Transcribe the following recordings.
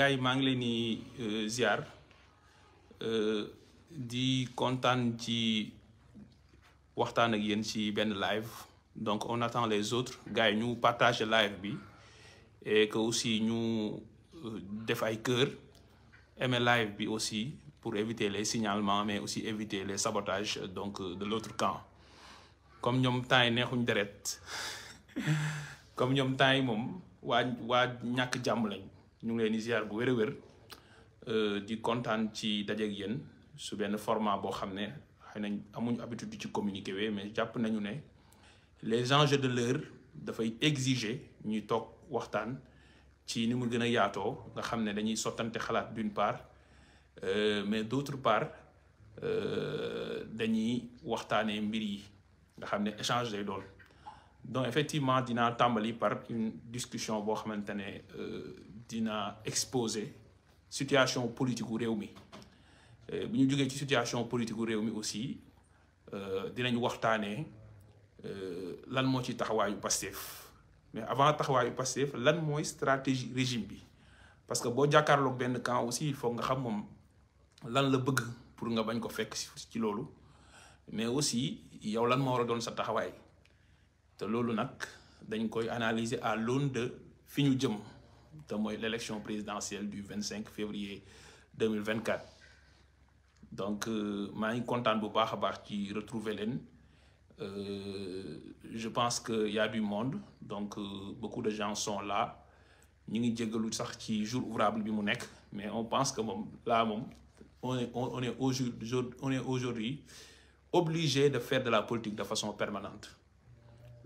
gaay maa ngi leen di euh, ziar euh, di kontaan ci waxtaan ak yéen ci benn live donc on attend les autres gars yi ñu partage live bi et que aussi ñu euh, def ay cœur aimé live bi aussi pour éviter les signalements mais aussi éviter les sabotages donc de l'autre camp comme ñoom temps yi neexuñ deret comme ñoom temps yi moom waa waa ñàkk jàmm lañ ñu ngi leen di bu wér a wér di kontaan ci dajeeg yéen su benn format boo xam ne xëy nañ amuñu habitude di ci communiquer wee mais jàpp nañu ne les enjeux de l'heure dafay exiger ñuy toog waxtaan ci ni mu gën a yaatoo nga xam ne dañuy sottante xalaat d'une part euh, mais d'autre part euh, dañuy waxtaanee mbir yi nga xam ne échange day doon donc effectivement dinaa tàmbali par une discussion boo xamante ne euh, dina exposé situation politique gu réew mi euh, bu ñu jógee ci situation politique gu réew mi aussi euh, dinañ waxtaanee euh, lan moo ci taxawaayu Pastef mais avant taxawaayu Pastef lan mooy stratégie régime bi parce que boo jàkkaarloog benn camp aussi il faut nga xam moom lan la bëgg pour nga bañ ko fekk ci loolu mais aussi yow lan moo war doon sa taxawaay te loolu nag dañ koy analyser à l'aune de fi ñu jëm. te mooy l'élection présidentielle du 25 février 2024 donc euh, maa ngi kontaan bu baax a baax ci retrouver leen euh, je pense que y a monde donc euh, beaucoup de gens sont la ñu ngi jéggalu sax ci jour ouvrable bi mu nekk mais on pense que moom là moom on est on est aujourd'hui on est aujourd'hui obligé de faire de la politique de façon permanente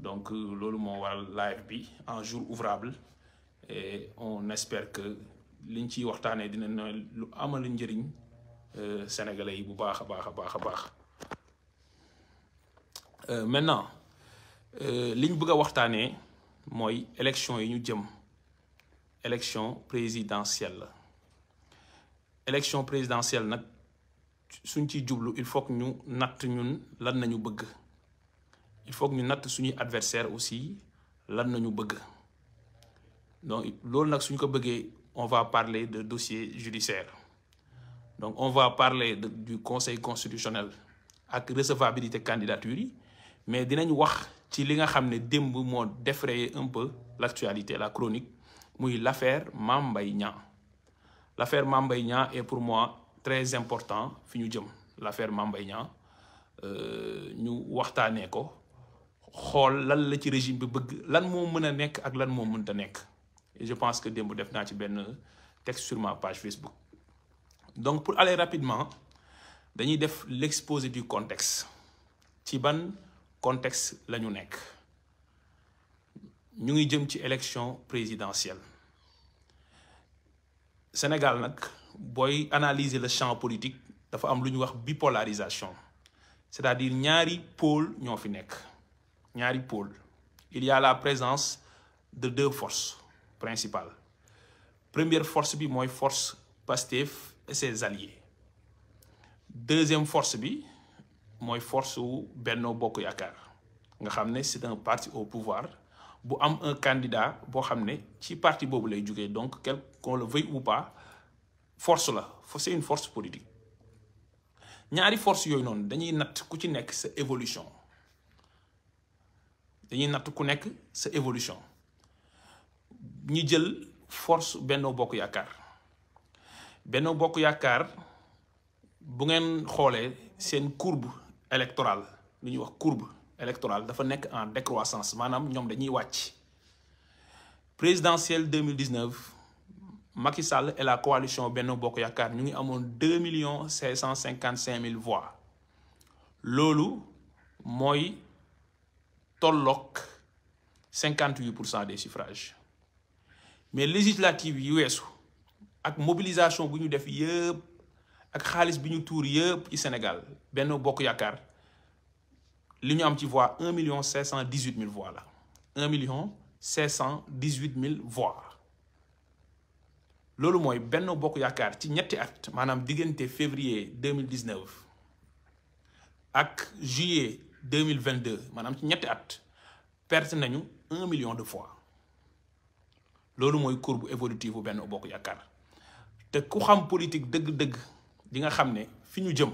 donc loolu moo waral live bi en jour ouvrable et on espère que liñ ciy waxtaanee dina na lu amal njëriñ euh, sénégalais yi bu baax a baax a baax a baax euh, maintenant euh, liñ bëgg a waxtaanee mooy élection yi ñu jëm élection présidentielle la élection présidentielle nag suñ ciy jublu il faut que ñu natt ñun lan nañu bëgg il faut que ñu natt suñuy adversaire aussi lan nañu bëgg donc loolu nag suñ ko bëggee on va parler de dossier judiciaire donc on va parler de, du conseil constitutionnel ak recevabilité candidature yi mais dinañu wax ci li nga xam ne démb moo défrayer un peu l'actualité la chronique muy l'affaire Mame Mbaye Niang l'affaire Mame Mbaye Niang pour moi très important fi ñu jëm l'affaire Mame Mbaye euh, ñu waxtaanee ko xool lan la ci régime bi bëgg lan moo mën a nekk ak lan moo mënta nekk et je pense que démb def naa ci benn texte sur ma page Facebook donc pour aller rapidement dañuy def l'exposé du contexte ci ban contexte la ñu nekk ñu ngi jëm ci élection présidentielle Sénégal nag booy analyser le champ politique dafa am lu ñu wax bipolarisation c'est-à-dire ñaari pôle ñoo fi nekk ñaari pôle il y la présence de deux forces principal première force bi mooy force Pastef et ses alliés deuxième force bi mooy force wu Benno Bokk Yaakaar nga xam ne c'est un partie au pouvoir bu am un candidat boo xam ne ci parti boobu lay jógee donc quel qu'on le veuille ou pas force la c'est une force politique ñaari force yooyu noonu dañuy natt ku ci nekk sa évolution dañuy natt ku nekk sa évolution ñi jël force Benno Bokk Yaakaar Benno Bokk Yaakaar bu ngeen xoolee seen courbe électorale lu ñuy wax courbe électoral dafa nekk en décroissance maanaam ñoom dañuy wàcc présidentielle 2019 Macky Sall et la coalition Benno Bokk Yaakaar ñu ngi amoon deux millions cinq cent cinquante cinq mille voix loolu mooy tolloog cinquante huit pour cent des suffrages mais législative yi weesu ak mobilisation bu ñu def yëpp ak xaalis bi ñu tuur yëpp ci Sénégal benn bokk yaakaar li ñu am ci voix un million cinq cent dix huit mille voix la million cinq cent dix huit mille voix loolu mooy benn bokk yaakaar ci ñetti at maanaam diggante février deux mille dix neuf ak juillet deux mille vingt deux maanaam ci ñetti at perte nañu un million de voix. loolu mooy courbe bu bu benn bokk yaakaar te ku xam politique dëgg-dëgg di nga xam ne fi ñu jëm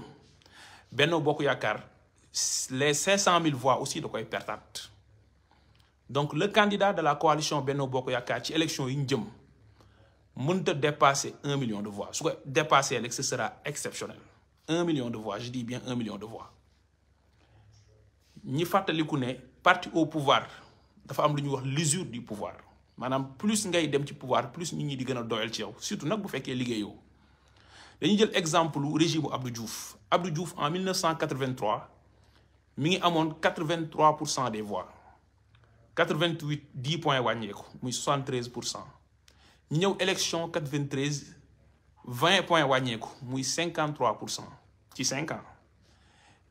benn bokk yaakaar les 500000 voix aussi da koy pertaat donc le candidat de la coalition benn bokk yaakaar ci élection yi ñu jëm mënta dépasser un million de voix su ko dépassé rek ce sera exceptionnel un million de voix je dis bien un million de voix ñi fàttaliku ne parti au pouvoir dafa am lu ñu wax l'usure du pouvoir. maanaam plus ngay dem ci pouvoir plus nit ñi di gën a doyal ci yow surtout nag bu fekkee liggéeyoo dañu jël exemple régime Abdou Diouf Abdou Diouf en 1983 mi ngi amoon 83 pour cent des voix 88 10 points wàññeeku muy 73 pour cent ñu ñëw élection 93 20 points wàññeeku muy 53 pour cent ci 5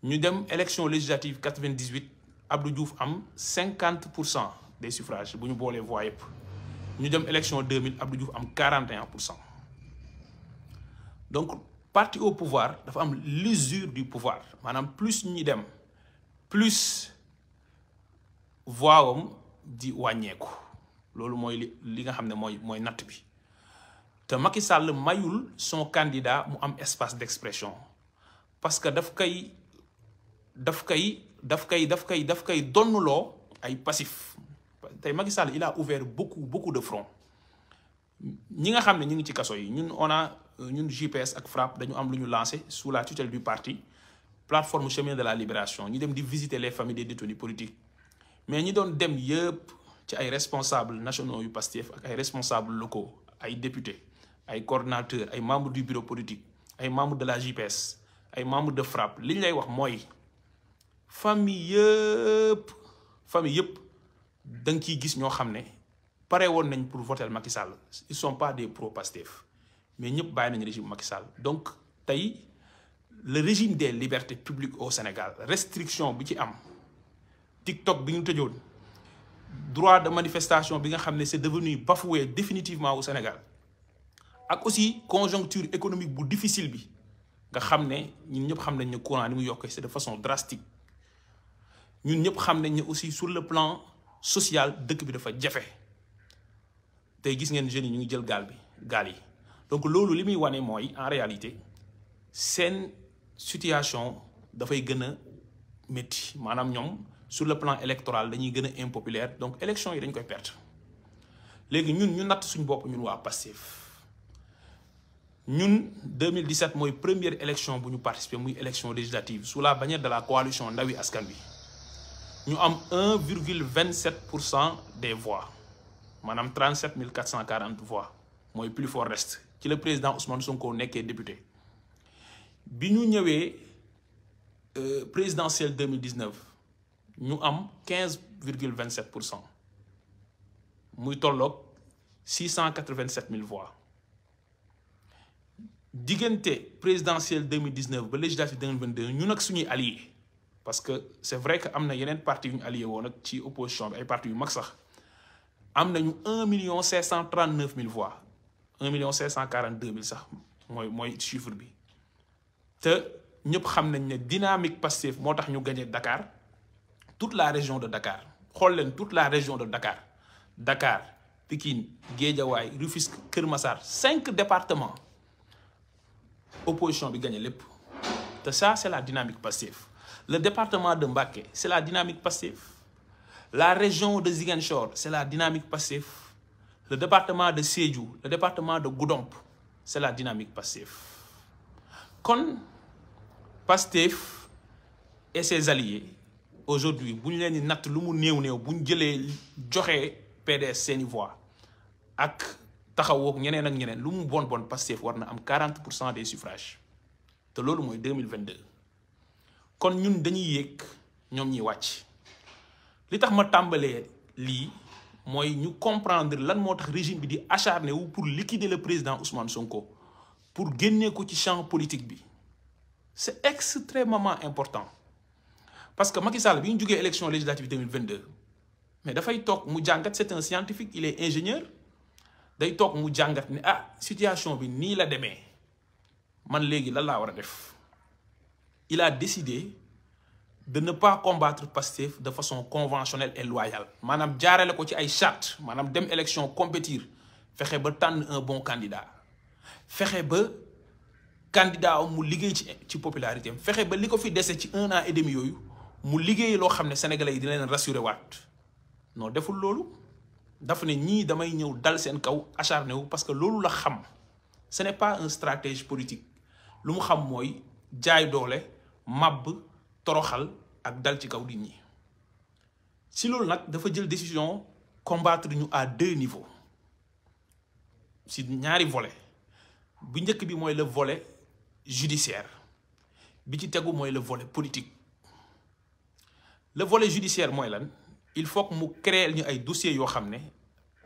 ñu dem élection législative 98 Abdou Diouf am 50 pour cent. des suffrages bu ñu boolee voix yëpp ñu dem élection ab Abdou Diouf am 41 pour cent donc parti au pouvoir dafa am l'usure du pouvoir maanaam plus ñi dem plus voix am di wàññeeku loolu mooy li li nga xam ne mooy mooy natt bi te Macky Sall mayul son candidat mu am espace d'expression parce que daf koy daf kay daf koy daf koy daf koy donnuloo ay passif tey Macky Sall il a ouvert beaucoup beaucoup de fronts ñi nga xam ne ñu ngi ci kaso yi ñun on a ñun GPS ak FRAPP dañu am lu ñu lancé sous la tutelle du parti plateforme chemin de la libération ñu dem di visiter les familles des détenus politiques mais ñi doon dem yëpp ci ay responsables nationaux yu Pastef ak ay responsables locaux ay députés ay coordinateur ay membres du bureau politique ay membre de la GPS ay membre de FRAPP li ñu lay wax mooy famille yëpp yëpp da nga ciy gis ñoo xam ne pare woon nañ pour voter Macky Sall ils son pas des pro Pastef mais ñëpp bàyyi nañ régime Macky Sall donc tey le régime des libertés publique au Sénégal restriction bi ci am TikTok bi ñu tëjoon droit de manifestation bi nga xam ne c'est devenu bafoué définitivement au Sénégal ak aussi conjoncture économique bu difficile bi nga xam ne ñun ñëpp xam nañ ne courant ni mu yokkee c'est de façon drastique ñun ñëpp xam nañ ne aussi sur le plan social dëkk bi dafa jafe tey gis ngeen jeunes yi ñu ngi jël gaal bi gaal yi donc loolu li muy wane mooy en réalité seen situation dafay gën a métti maanaam ñoom sur le plan électoral dañuy gën a impopulaire donc élection yi dañ koy perte léegi ñun ñu natt suñu bopp ñun waa Pastef ñun 2017 mooy première élection bu ñu participer muy élection législative su la bannière de la coalition Ndawi Askan bi ñu am 1,27 pour cent des voix maanaam cent 440 voix mooy plus fort reste ci la président Ousmane Sonko nekkee député bi ñu ñëwee euh, présidentielle 2019 ñu am 15,27 pour cent muy tolloog 687 000 voix diggante présidentielle 2019 ba législative 2022 ñu nag suñuy alliés. parce que c'est vrai que am na yeneen parti yu ñu allié woon ak ci opposition bi ay parti yu mag sax am nañu un million cinq cent trente neuf mille voix un million cinq cent quarante deux mille sax mooy mooy chiffre bi te ñëpp xam nañ ne dynamique Pastef moo tax ñu gañee dakaar tout la région de Dakar xool leen tout la région de Dakar Dakar Pikine Guédiawaye Rufisque Kër Massar cinq départements opposition bi gagné lépp te ça c'est la dynamique Pastef Le département de Mbacké, c'est la dynamique passive. La région de Ziguinchor, c'est la dynamique passive. Le département de Sédhiou, le département de Goudomp, c'est la dynamique passive. Kon Pastef et ses alliés aujourd'hui bu ñu leen di natt lu mu néew néew bu ñu jëlee joxe PDS seeni voix ak taxawook ñeneen ak ñeneen lu mu bon bon Pastef war na am 40 pour cent des suffrages te loolu mooy 2022 kon ñun dañuy yéeg ñoom ñuy wàcc li tax ma tàmbalee lii mooy ñu comprendre lan moo tax régime bi di acharné wu pour liquider la président Ousmane Sonko pour génnee ko ci champ politique bi c'est extrêmement important parce que Macky Sall bi ñu jógee élection législative 2022 mais dafay toog mu jàngat c'est un scientifique il est ingénieur day toog mu jàngat ni ah situation bi nii la demee man léegi lan laa war a def il a décidé de ne pas combattre Pastef de façon conventionnelle et loyale maanaam jaarale ko ci ay charte maanaam dem élection compétir fexe ba tànn un bon candidat fexe ba candidat mu liggéey ci ci popularité fexe ba li ko fi dese ci un an et yooyu mu liggéey loo xam ne sénégalais yi dina leen rassuré waat non deful loolu dafa ne ñii damay ñëw dal seen kaw acharné wu parce que loolu la xam ce n'est pas un stratège politique lu mu xam mooy jaay doole màbb toroxal ak dal ci kaw nit ñi si loolu nag dafa jël décision combattre ñu à deux niveaux si ñaari volet bu njëkk bi mooy le vole judiciaire bi ci tegu mooy le volet politique le vole judiciaire mooy lan il faut mu créer ñu ay dossiers yoo xam ne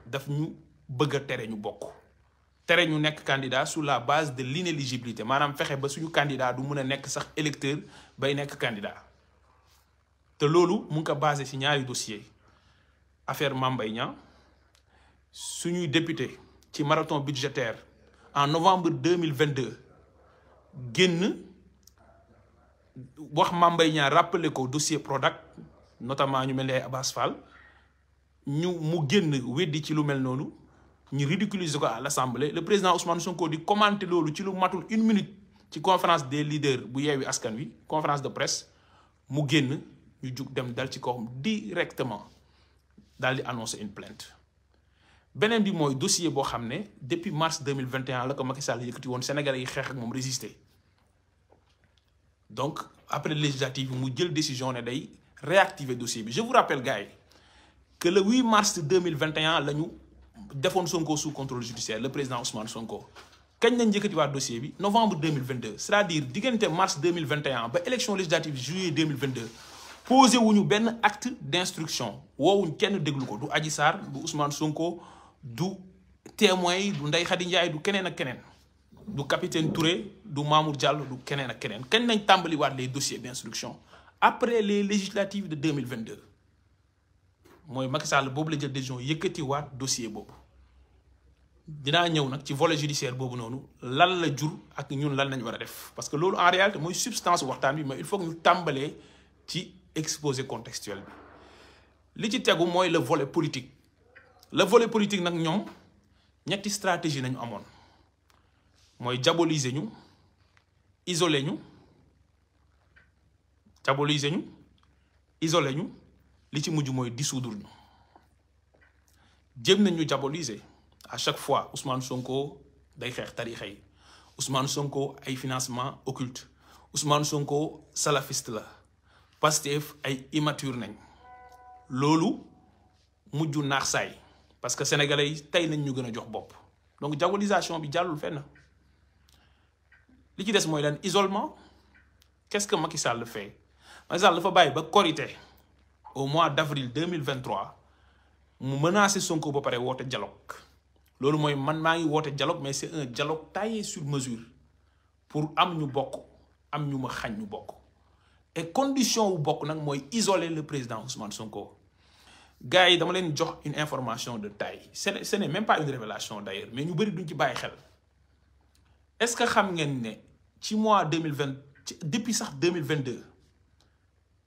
daf ñu bëgg a tere ñu bokk tere ñu nekk candidat sur la base de l'inéligibilité maanaam fexe ba suñu candidat du mën a nekk sax électeur bay nekk candidat te loolu mu ngi ko basé ci ñaari dossier affaire Mame suñuy député ci marathon budgétaire en novembre 2022 génn wax Mame Mbaye ko dossier Prodac notamment ñu mel ni ay Abass ñu mu génn weddi ci lu mel noonu ñu ridiculiser ko à l'Assemblée le président Ousmane Sonko di commenter loolu ci lu matul une minute ci conférence de leaders bu yeewi askan wi conférence de presse mu génn ñu jug dem dal ci kawam directement daal di annoncer une plainte beneen bi mooy dossier boo xam ne depuis mars 2021 la ko Macky Sall yëkkati woon Sénégalais yi xeex ak moom résister donc après législative bi mu jël décision ne day réactiver dossier bi je vous rappelle gars yi que le 8 mars 2021 la ñu. defoon Sonko sous contrôle judiciaire le président Ousmane Sonko kañ nañ njëkkatiwaat dossier bi novembre 2022 c'est-à-dire diggante mars 2021 ba élection législative juillet 2022 posé wuñu benn acte d'instruction woowuñ kenn déglu ko du Adji Sarr du Ousmane Sonko du témoins yi du Ndeye Khady Ndiaye du keneen ak keneen du capitaine Touré du Mamour Diallo du keneen ak keneen kañ nañ tàmbaliwaat les dossiers d'instruction après les législatives de mooy ma Sall boobu la jël décision yëkkatiwaat dossier boobu dinaa ñëw nag ci volet judiciaire boobu noonu lan la jur ak ñun lan lañ war a def parce que loolu en réalité mooy substance waxtaan bi mais il faut que ñu tàmbalee ci exposé contextuel bi li ci tegu mooy le vole politique le volet politique nag ñoom ñetti stratégie nañu amoon mooy diaboliser ñu isoler ñu diaboliser ñu isoler ñu li ci mujj mooy dissoudre ñu jéem nañu ñu à chaque fois Ousmane Sonko day xeex tarixa yi Ousmane Sonko ay financement occulte Ousmane Sonko salafiste la Pastef ay immature nañ loolu mujju naax saay parce que sénégalais tey nañ ñu gën a jox bopp donc diabolisation bi jàllul fenn li ci des mooy lan isolement qu'est-ce que Macky Sall fait Macky Sall dafa bàyyi ba Korité au mois d'avril 2023 mu menacé Sonko ba pare woote dialogue loolu mooy man maa ngi woote dialogue mais c'est un dialogue taillé sur mesure pour am ñu bokk am ñu ma xañ ñu bokk et condition wu bokk nag mooy isoler le président Ousmane Sonko gars yi dama leen jox une information de taille ce n'est même pas une révélation d'ailleurs mais ñu bëri duñ ci bàyyi xel est-ce que xam ngeen ne ci mois deux mille vingt depuis sax deux mille vingt deux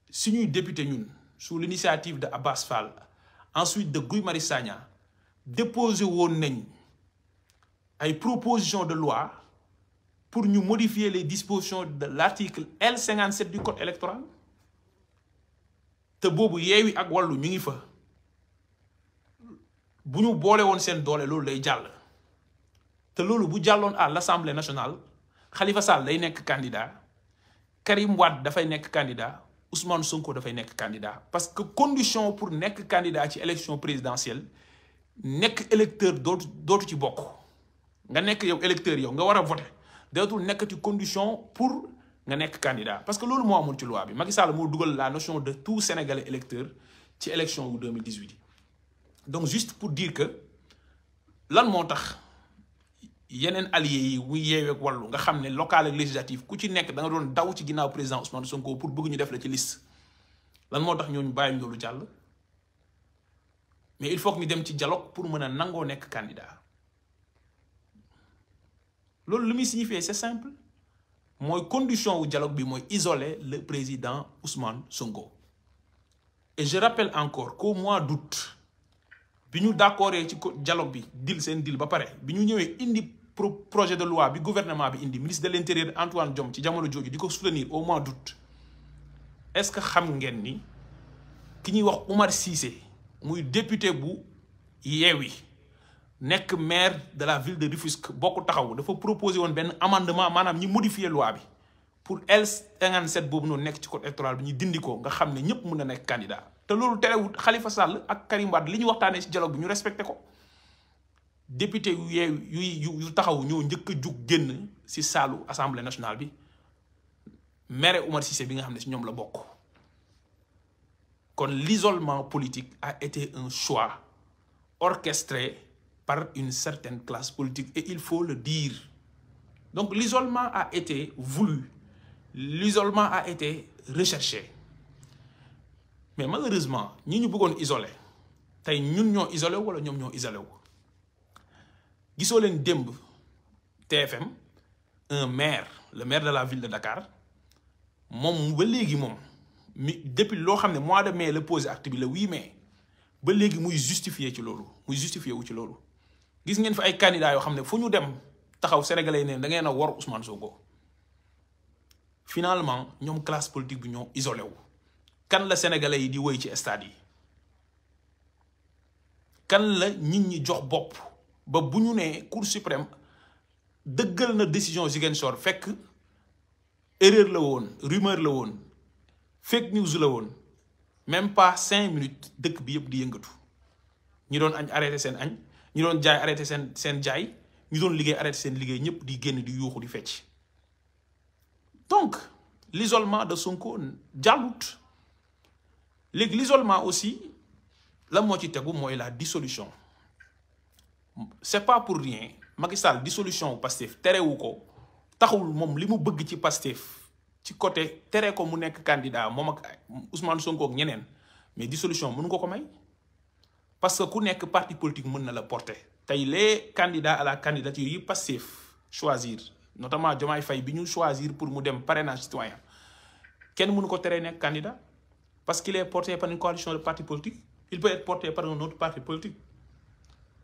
suñuy député ñun sous l'initiative de Abbas Fall ensuite de Guy Marius Sagna déposé woon nañ ay proposition de loi pour ñu modifier les dispositions de l'article L57 du code électoral te boobu Yewwi ak Wallu ñu ngi fa bu ñu boole woon seen doole loolu lay jàll te loolu bu jàlloon à l'Assemblée nationale Khalifa Sall day nekk candidat Karim Wade dafay nekk candidat Ousmane Sonko dafay nekk candidat parce que condition pour nekk candidat ci élection présidentielle nekk électeur dootu dootu ci bokk nga nekk yow électeur yow nga war a vote voter dootul nekkati condition pour nga nekk candidat parce que loolu moo amul ci loi bi Macky Sall moo dugal la notion de tout sénégalais électeur ci élection wu 2018 donc juste pour diir que lan moo tax yeneen alliés yi muy yeewee ak nga xam ne local ak législative ku ci nekk da nga doon daw ci ginnaaw président Ousmane Sonko pour bëgg ñu def la ci liste lan moo tax ñooñu bàyyi loolu jàll. mais il faut que ñu dem ci dialogue pour mën a nangoo nekk candidat loolu lu muy signifier c'est simple mooy condition wu bi mooy isoler le président Ousmane Sonko et je rappelle encore qu'au mois d'août bi ñu d'accordee ci ko dialogue bi dil seen dil ba pare bi ñu ñëwee indi projet de loi bi gouvernement bi indi ministre de l'intérieur Antoine Diome ci jamono jooju di ko soutenir au mois d'août est-ce que xam ngeen ni ki ñuy wax Umar Cissé muy député bu Yewwi nekk maire de la ville de Rufisque bokk taxaw dafa proposé woon benn amendement maanaam ñi modifier loi bi pour L57 boobu noonu nekk ci code électoral bi ñu dindi ko nga xam ne ñëpp mën na nekk candidat te loolu terewut Khalifa Sall ak Karim li ñu waxtaanee ci dialogue bi ñu respecté ko député yu yeew yu taxaw ñoo njëkk jug génn si saalu assemblée nationale bi maire Umar Cissé bi nga xam ne si ñoom la bokk. kon l'isolement politique a été un choix orchestré par une certaine classe politique et il faut le dire donc l'isolement a été voulu l'isolement a été recherché mais malheureusement ñi ñu bëggoon isole tey ñun ñoo isolé wala ñoom ñoo isolé wu gisoo leen démb TFM un maire le maire de la ville de Dakar moom ba léegi moom mi depuis loo xam ne mois de mais la posé acte bi le 8 mai ba léegi muy justifié ci loolu muy justifié wu ci loolu gis ngeen fi ay candidats yoo xam ne fu ñu dem taxaw sénégalais yi ne da ngeen a war soo ko finalement ñoom classe politique bu ñoo isolé wu. kan la sénégalais yi di woy ci stade yi kan la nit ñi jox bopp ba bu ñu nee cour suprême dëggal na décision Ziguinchor fekk erreur la woon rumeur la woon. fake news la woon même pas cinq minutes dëkk bi yëpp di yëngatu ñi doon añ arrêté seen añ ñi doon jaay arrêté seen seen jaay ñu doon liggéey arrêté seen liggéey ñëpp di génn di yuuxu di fecc donc l'isolement de Sonko jàllut léegi l'isolement aussi la moo ci tegu mooy la dissolution c'est pas pour rien Macky Sall dissolution Pastef terewu ko taxul moom li mu bëgg ci Pastef ci côté tere ko mu nekk candidat moom ak Ousmane Sonko ak ñeneen mais dissolution mënu ko ko may parce que ku nekk parti politique mën na la porter tey les candidats à la candidature yi passif choisir notamment Diomaye fay bi ñu choisir pour mu dem parrainage citoyen kenn mënu ko tere nekk candidat parce que est porté par une coalition de partis politiques il peut être porté par un autre parti politique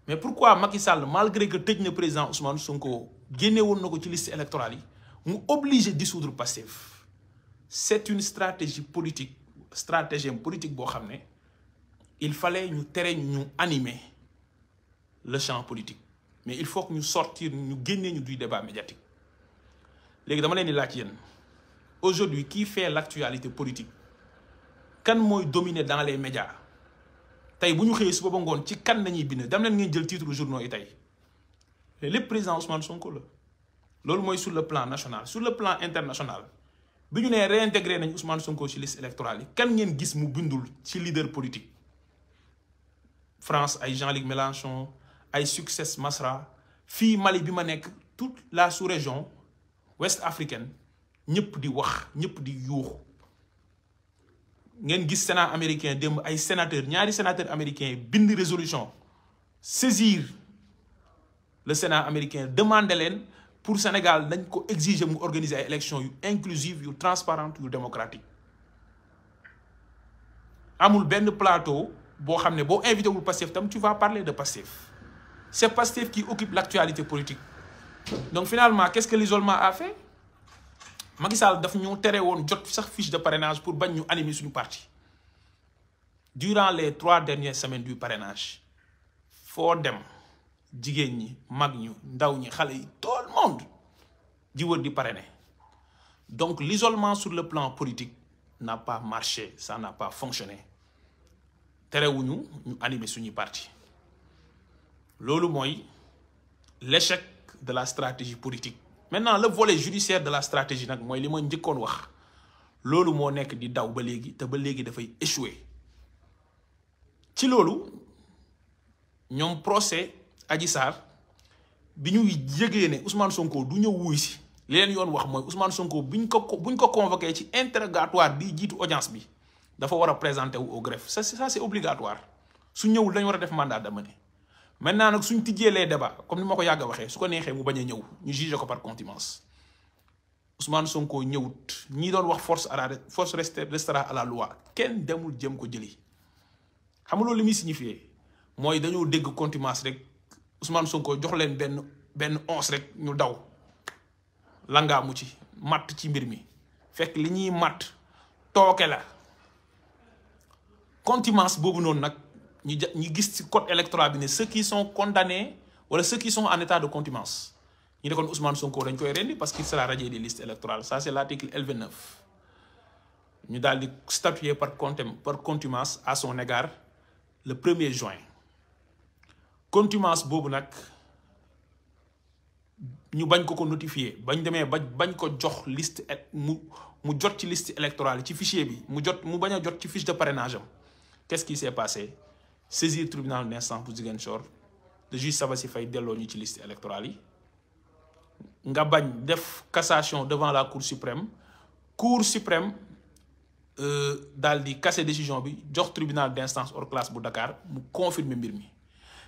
mais pourquoi Macky Sall malgré que tëj na président Ousmane Sonko génne woon na ko ci liste électorale yi mu obligé dissoudre Pastef c'est une stratégie politique stratégie politique boo xam ne il fallait ñu tere ñu animer le champ politique mais il faut que ñu sortir ñu génnee ñu duy débat médiatique léegi dama leen di laaj yéen aujourd'hui qui fait l'actualité politique kan mooy dominer dans les médias tey bu ñu xëyee suba ba ngoon ci kan nañuy bind dem leen ngeen jël titre journaux yi tey lépp président Ousmane Sonko la loolu mooy sur le plan national sur le plan international bi ñu nee réintégré nañ Ousmane Sonko ci liste électorale yi kan ngeen gis mu bindul ci leader politique France ay Jean-Luc Mélenchon ay Succès Masra fii Mali bi ma nekk toute la sous-région ouest africaine ñëpp di wax ñëpp di yuuxu ngeen gis sénat américain démb ay sénateur ñaari sénateur américain bind résolution saisir le sénat américain demandé leen pour Sénégal nañ ko exiger mu organiser ay élections yu inclusive yu transparente yu démocratique amul benn plateau boo xam ne boo invité wul Pastef tam tu vas parler de Pastef c'est Pastef qui occupe l'actualité politique donc finalement qu'est-ce que l'isolement a fait Macky Sall daf ñu tere woon jot sax fiche de parrainage pour bañ ñu animer suñu parti durant les trois dernières semaines du parrainage foo dem jigéen ñi mag ñu ndaw ñi xale yi tool monde di wër di parrainer donc l'isolement sur le plan politique n'a pas marché ça n'a pas fonctionné terewuñu ñu animer suñuy parti loolu mooy l'échec de la stratégie politique maintenant le volet judiciaire de la stratégie nag mooy li ma njëkkoon wax loolu moo nekk di daw ba léegi te ba léegi dafay échouer ci loolu ñoom procès Adji Sarr bi ñu yëgee ne Ousmane Sonko du ñëw wuy si leen yoon wax mooy Ousmane Sonko buñ ko buñ ko convoqué ci interrogatoire bi jiitu audience bi dafa war a présenter wu ogref sa ça ça obligatoire su ñëwul dañ war a def mandat d'amener maintenant nag suñ tijjee les débats comme ni ma ko yàgg waxee su ko neexee mu bañ a ñëw ñu juge ko par contumace Ousmane Sonko ñëwut ñi doon wax force à la force restera à la loi kenn demul jëm ko jëli xam nga loolu li muy signifié mooy dañoo dégg contumace rek. Ousmane Sonko jox leen benn benn once rek ñu daw langaamu ci matt ci mbir mi fekk li ñuy matt tooke la contumace boobu noonu nag ñu ñu gis ci code électoral bi ne ceux qui sont condamnés wala ceux qui sont en état de contumace ñu ne kon Ousmane Sonko dañ koy rendi parce que sera radié des listes électorales ça c'est l'article L29 ñu daal di statuer par contem par contumace à son égard le 1 juin contumace boobu nag ñu bañ ko ko notifier bañ demee ba bañ ko jox liste mu mu jot ci liste électorale ci fichier bi mu jot mu bañ a jot ci fiche de parrainage am qu'est-ce qui s'est passé saisir tribunal d'instance bu Ziguinchor le juge si fay delloo ñu ci liste électorale yi nga bañ def cassation devant la cour suprême cour suprême euh, daal di casse décision bi jox tribunal d'instance hors classe bu Dakar mu confirmer mbir mi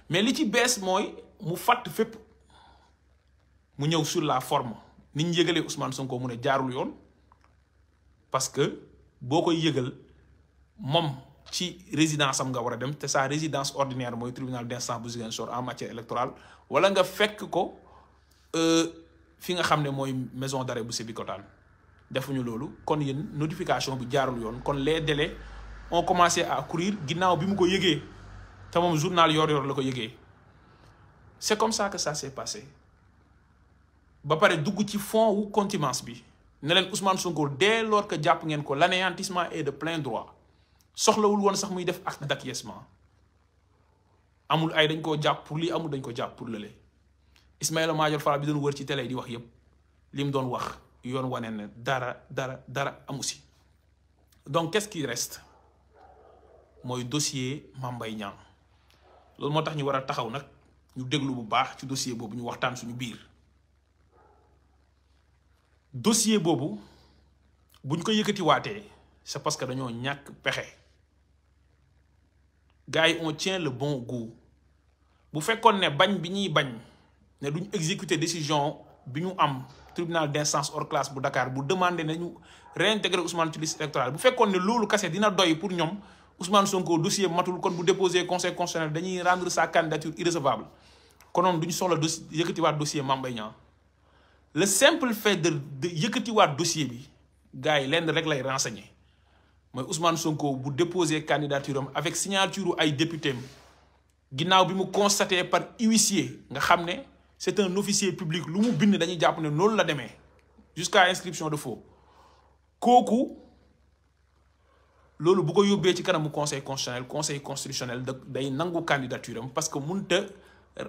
mais li ci bees mooy mu fàtt fépp mu ñëw sur la forme ni ñu yëgalee Ousmane ko mu ne jaarul yoon parce que boo koy yëgal moom ci résidence am nga war a dem te sa résidence ordinaire mooy tribunal d'instance bu Ziguinchor en matière électorale wala nga fekk ko euh, fi nga xam ne mooy maison d'arrêt bu ko Sébikotane defuñu loolu kon yéen notification bi jaarul yoon kon les délais ont commencé à courir ginnaaw bi mu ko yëgee. te moom journal yor-yor la ko yëgee c'est comme ça que ça s'est passé ba pare dugg ci fond wu contimance bi ne leen Ousmane Sonko de lors que jàpp ngeen ko l'anéantissement est de plein droit soxlawul woon sax muy def acte d'acquiescement amul ay dañ koo jàpp pour lii amul dañ ko jàpp pour lële Ismaïla Madior Fall bi doon wër ci télé di wax yépp li mu doon wax yoon wane ne dara dara dara amu si donc qu'est-ce qui reste mooy dossier Mame Mbaye Niang loolu moo tax ñu war a taxaw nag ñu déglu bu baax ci dossier boobu ñu waxtaan suñu biir dossier boobu buñ ko yëkkatiwaatee c'est parce que dañoo ñàkk pexe gars yi on tient le bon goût bu fekkoon ne bañ bi ñuy bañ ne duñ exécuter décision bi ñu am tribunal d'instance hors classe bu Dakar bu demandé nañu réintégrer Ousmane ci liste électorale bu fekkoon ne loolu kase dina doy pour ñoom Ousmane Sonko dossier matul kon bu déposé conseil constitutionnel dañuy rendre sa candidature irrecevable konoon du ñu soxla dossier yëkkatiwaat dossier Mame Mbaye Niang le simple fait yëkkatiwaat dossier bi gars yi lenn rek lay renseigner mooy Ousmane Sonko bu déposé candidature am avec signature ay député ginnaaw bi mu constaté par huissier nga xam ne c'est un officier public lu mu bind dañuy jàpp ne noonu la demee jusqu'à inscription de faux kooku. loolu bu ko yóbbee ci kanamu conseil constitutionnel conseil constitutionnel da day nangu candidature am parce que mënut a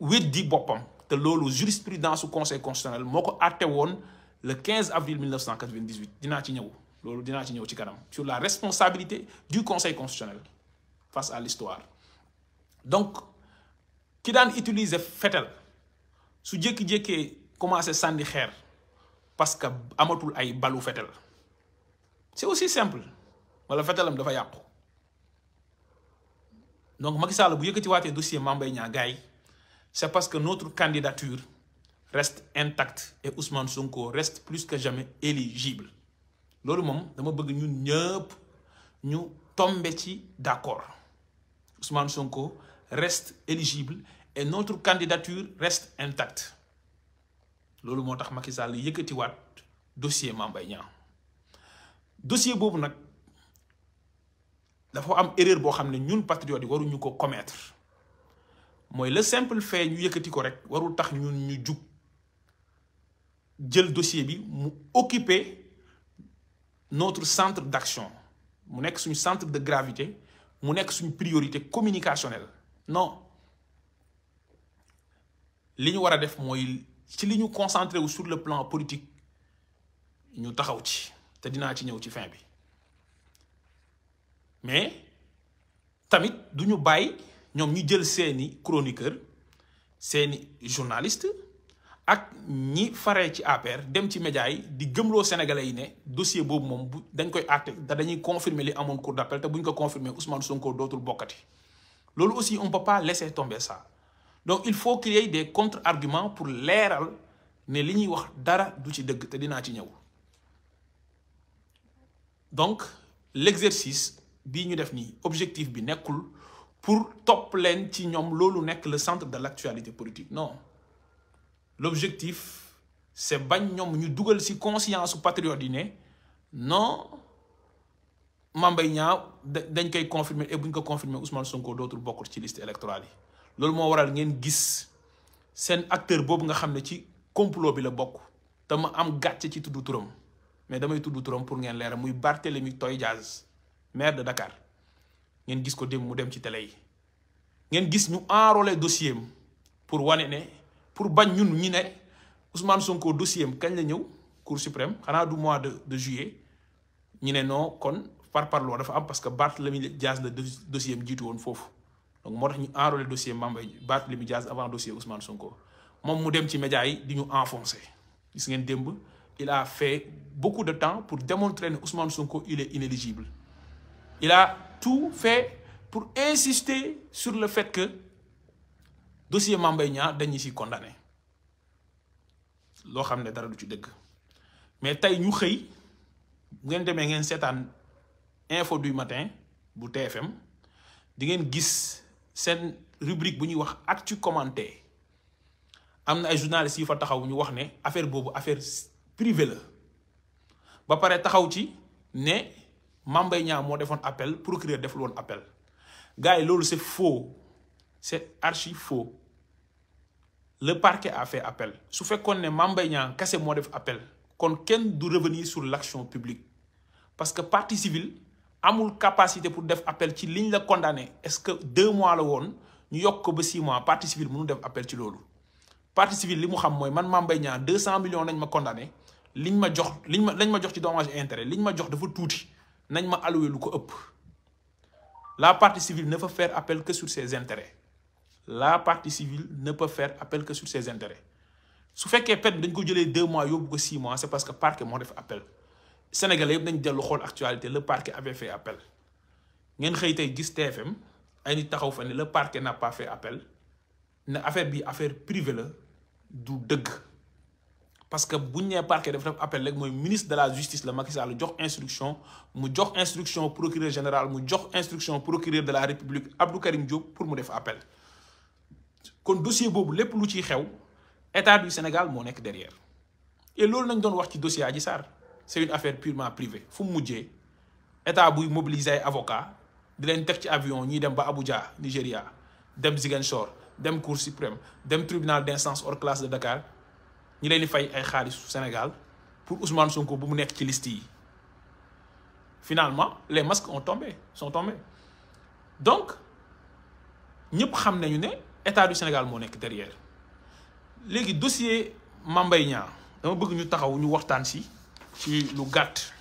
weddi boppam te loolu jurisprudence su conseil constitutionnel moo ko àtte woon le 15 avril 1998 dinaa ci ñëw loolu dinaa ci ñëw ci kanam sur la responsabilité du conseil constitutionnel face à l'histoire donc ki daan utiliser fetel su jékki-jékkee commencé sànni xeer parce que amatul ay balu fetel c'est aussi simple wala fetalam dafa yàqu donc Macky Sall bu yëkkatiwaatee dossier Mame Mbaye Niang gars yi c'est parce que notre candidature reste intacte et Ousmane Sonko reste plus que jamais éligible loolu moom dama bëgg ñun ñëpp ñu tombe ci d'accord Ousmane Sonko reste éligible et notre candidature reste intacte loolu moo tax Macky Sall yëkkatiwaat dossier Mame Mbaye Niang boobu nag. dafa am erreur boo xam ne ñun patriotes yi waruñu ko commettre mooy le simple fait ñu yëkkati ko rek warul tax ñun ñu jug jël dossier bi mu occuper notre centre d'action mu nekk suñu centre de gravité mu nekk suñu priorité communicationnelle non li ñu war a def mooy ci li ñu concentré wu sur le plan politique ñu taxaw ci te dinaa ci ñëw ci fin bi mais tamit du ñu bàyyi ñoom ñu jël seeni chroniqueur seeni journaliste ak ñi faree ci APR dem ci média yi di gëmloo sénégalais yi ne dossier boobu moom bu dañ koy àtte da dañuy confirmer li amoon cour d'appel te bu ñu ko confirmer Ousmane Sonko dootul bokkati loolu aussi on peut pas laisser tomber ça donc il faut créer des contre-arguments pour leeral ne li ñuy wax dara du ci dëgg te dinaa ci ñëw donc l'exercice bii ñu def nii objectif bi nekkul pour topp leen ci ñoom loolu nekk le centre de l'actualité politique no l'objectif c'est bañ ñoom ñu dugal ci conscience patriote yi ne non Mame Mbaye Niang dañ koy confirmer et buñ ko confirmer Ousmane Sonko dootul bokkul ci liste électorale yi loolu moo waral ngeen gis seen acteur boobu nga xam ne ci complot bi la bokk te ma am gàcce ci tuddu turam mais damay tudd turam pour ngeen leeral muy Barthélémy Toye Dias maire de Dakar ngeen gis ko dem mu dem ci télé yi ngeen gis ñu enrôler dossier pour wane ne pour bañ ñun ñi ne Ousmane Sonko dossier kañ la ñëw Cour suprême xanaa du mois de de juillet ñu ne noo kon par parloo dafa am parce que Barthélemy Diaz la dossier am jiitu woon foofu donc moo tax ñu enrôler dossier Mame Mbaye Barthélemy Diaz avant dossier Ousmane Sonko moom mu dem ci média yi di ñu enfoncé gis ngeen démb il a fait beaucoup de temps pour démontrer ne Ousmane Sonko il est il a tout fait pour insister sur le fait que dossier Mame Mbaye Niang dañu ci condamné loo xam ne dara du ci dëgg mais tey ñu xëy ngeen demee ngeen seetaan info du matin bu TFM di ngeen gis seen rubrique bu ñuy wax ak ci commenté am na ay journalistes yi fa taxaw ñu wax ne affaire boobu affaire privée la ba pare taxaw ci ne. Mame moo defoon appel procureur deful woon appel gars yi loolu c'est faux c'est archi faux le parquet a fait appel su fekkoon ne Mame Mbaye kese moo def appel kon kenn du revenir sur l'action publique parce que partie civile amul capacité pour def appel ci liñ la condamné est-ce que deux mois la woon ñu yokk ko ba six mois partie civile mënu def appel ci loolu partie civile li mu xam mooy man Mame Mbaye Niang deux cent millions lañ ma condamné liñ ma jox liñ ma lañ ma jox ci dommage intérêt liñ ma jox dafa tuuti nañ ma alloué lu ko ëpp la partie civile ne peut faire appel que sur ses intérêts la partie civile ne peut faire appel que sur ses intérêts su fekkee pet bi dañ ko jëlee deux mois yóbbu ko six mois c'est parce que parquet moo def appel sénégalais yëpp nañ dellu xool actualité le parquet avait fait appel ngeen xëy tey gis TFM ay nit taxaw fa ne le parquet n'a pas fait appel ne affaire bi affaire privée la du dëgg parce que bu ñu nee parquet dafa def appel rek mooy ministre de la justice la Macky jox instruction mu jox instruction procureur général mu jox instruction procureur de la république Abdou Karim Diop pour mu def appel kon dossier boobu lépp lu ciy xew état du Sénégal moo nekk derrière loolu nañ doon wax ci dossier Adji sar c'est une affaire purement privée fu mu mujjee état buy mobiliser ay avocat di leen teg ci avion ñuy dem ba Abuja Nigéria dem Ziguinchor dem Cour suprême dem tribunal d'instance hors classe de Dakar ñi leen di fay ay xaalisu Sénégal pour Ousmane Sonko bu mu nekk ci liste yi finalement les masques ont tombé sont tombés donc ñëpp xam nañu ne état du Sénégal moo nekk derrière léegi dossier Mame Mbaye dama bëgg ñu taxaw ñu waxtaan si ci lu gàtt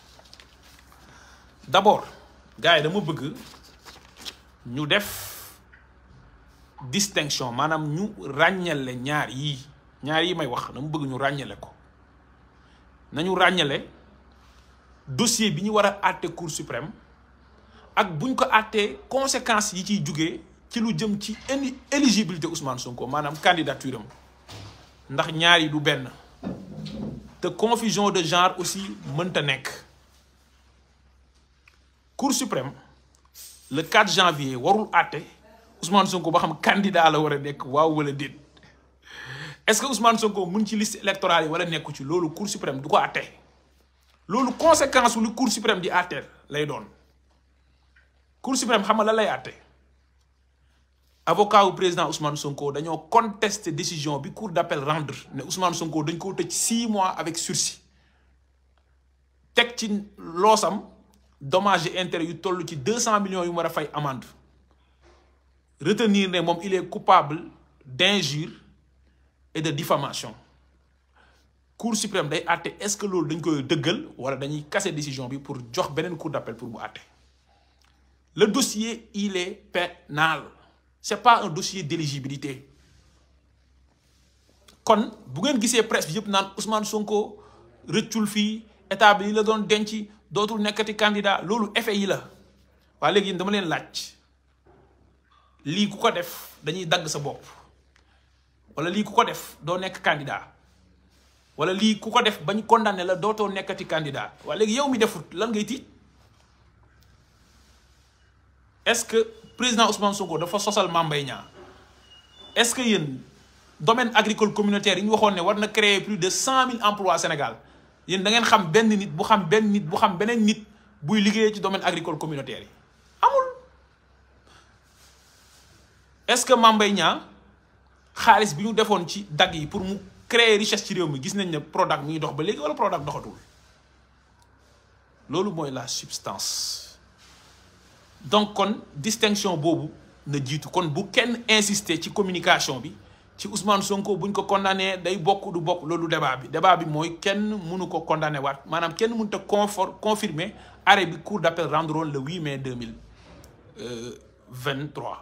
d'abord gars yi dama bëgg ñu def distinction maanaam ñu ràññale ñaar yii ñaar yi may wax na mu bëgg ñu ràññale ko nañu ràññale dossier bi ñu war a àtte cour suprême ak buñ ko àttee conséquences yi ciy jugee ci lu jëm ci éligibilité Ousmane Sonko maanaam candidature ndax ñaar yi du benn te confusion de genre aussi mënta nekk cour suprême le 4 janvier warul àtte Ousmane Sonko ba xam candidat la war a nekk waaw wala déet. est-ce que Ousmane Sonko mun ci liste électorale yi wala nekku ci loolu cour suprême du ko àtte loolu conséquence lu cour suprême di àtte lay doon cour suprême xam nga la lay àtte avocat wu président Ousmane Sonko dañoo contester décision bi cour d'appel rendre ne Ousmane Sonko dañ ko tëj six mois avec sursis teg ci loosam dommage et yu toll ci deux cent millions yu war a fay amende retenir ne moom il est coupable d'injure et de diffamation cour suprême day àtte est-ce que loolu dañ koy dëggal wala dañuy casser décision bi pour jox beneen cour d'appel pour mu àtte le dossier il est pénal c'est pas un dossier d'éligibilité kon bu ngeen gisee presse bi yëpp naan Ousmane Sonko rëccul fii état bi la doon denc dootul nekkati candidat loolu effet yi la waa léegi dama leen laaj lii ku ko def dañuy dagg sa bopp wala lii ku ko def doo nekk candidat wala lii ku ko def bañ condamné la dootoo nekkati candidat waa léegi yow mi defut lan ngay tiit est-ce que président Ousmane Sonko dafa sosal Mame Mbaye Niang est-ce que yéen domaine agricole communautaire yi ñu waxoon ne war na créer plus de cent mille emplois Sénégal yéen da ngeen xam benn nit bu xam benn nit bu xam beneen nit buy liggéey ci domaine agricole communautaire yi amul est-ce que Mame Mbaye xaalis bi ñu defoon ci dag yi pour mu créer richesse ci réew mi gis nañ ne Prodac mi ngi dox ba léegi wala Prodac doxatul loolu mooy la substance donc kon distinction boobu na jiitu kon bu kenn insister ci communication bi ci Ousmane Sonko buñ ko condamné day bokk du bokk loolu débat bi débat bi mooy kenn mënu ko condamné waat maanaam kenn mënut a confort confirmer arrêt bi cour d'appel rendroon le 8 mai 2023 euh,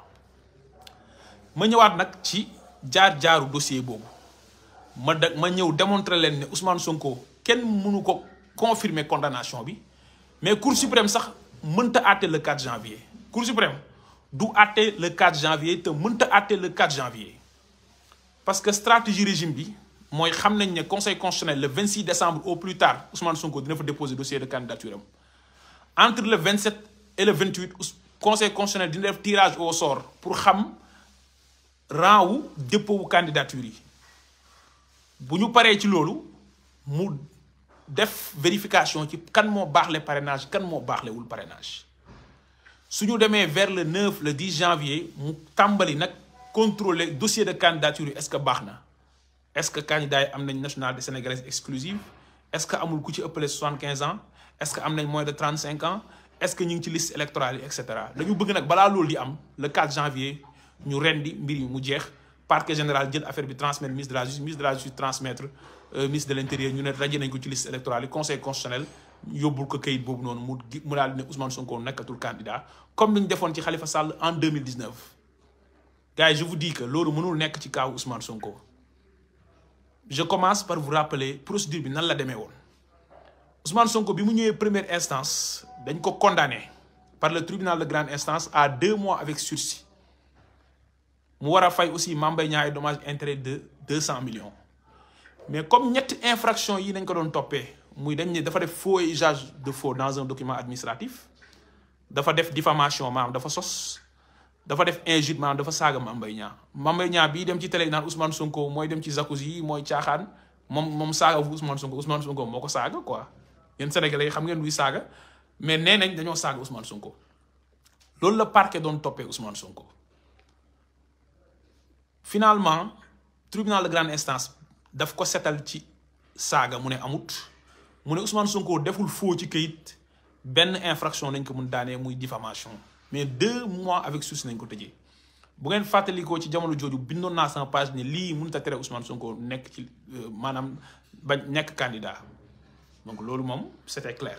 ma ñëwaat nag ci. jaar-jaaru dossier boobu ma da ma ñëw démontrer leen ne Ousmane Sonko kenn mënu ko confirmer condamnation bi mais Cour suprême sax mënta àtte le 4 janvier. Cour suprême du àtte le 4 janvier te mënta àtte le 4 janvier parce que stratégie régime bi mooy xam nañ ne conseil constitutionnel le 26 décembre au plus tard Ousmane Sonko dina fa déposer dossier de candidature am entre le 27 et le 28 conseil constitutionnel dina def tirage au sort pour xam. rang wu dépôt wu yi bu ñu paree ci loolu mu def vérification ci kan moo baaxle parrainage kan moo baaxle wul parrainage su ñu demee vers le 9 le 10 janvier mu tàmbali nag contrôler dossier de candidature yi est-ce que baax na est-ce que candidat yi am nañ nationalité sénégalaise exclusive est-ce que amul ku ci ëppale 75 ans est-ce que am nañ moins de 35 ans est-ce ngi ci liste électorale yi et dañu bëgg nag balaa loolu di am le 4 janvier. ñu rendi mbir yi mu jeex parquet général jël affaire bi transmettre ministre de la justice ministre de la justice transmettre euh, ministre de l' ñu ne raje nañ ko ci liste électorale yi conseil constitutionnel yóbbul ko kayit boobu noonu mu mu daal ne Ousmane Sonko nekkatul candidat comme ni ñu defoon ci Khalifa Sall en 2019 gars yi je vous dis que loolu mënul nekk ci kaaw Ousmane Sonko je commence par vous rappeler procédure bi nan la demee woon Ousmane Sonko bi mu ñëwee première instance dañ ko condamné par le tribunal de grande instance à deux mois avec sursis mu war a fay aussi Mame Mbaye Niang ay dommage de deux cent millions mais comme ñetti infraction yi nañ ko doon toppee muy dañ ne dafa def faux et usage de faux dans un document administratif dafa def diffamation maanaam dafa sos dafa def injure maanaam dafa saaga Mame Mbaye Niang Mame Mbaye bii dem ci télé naan Ousmane Sonko mooy dem ci jacuzzi yi mooy caaxaan moom moom saaga fu Ousmane Sonko Ousmane Sonko moo ko saaga quoi yéen Sénégalais yi xam ngeen luy saaga mais nee nañ dañoo saaga Ousmane Sonko loolu la parquet doon toppee Ousmane Sonko. finalement tribunal de grande instance daf ko setal ci saaga mu ne amut mu ne Ousmane Sonko deful foo ci këyit benn infraction nañ ko mun daanee muy diffamation mais deux mois avec sursis nañ ko tëjee bu ngeen fàttalikoo ci jamono jooju bindoon naa sama page ni lii mënut a tere Ousmane Sonko nekk ci euh, maanaam ba nekk candidat donc loolu moom c'était clair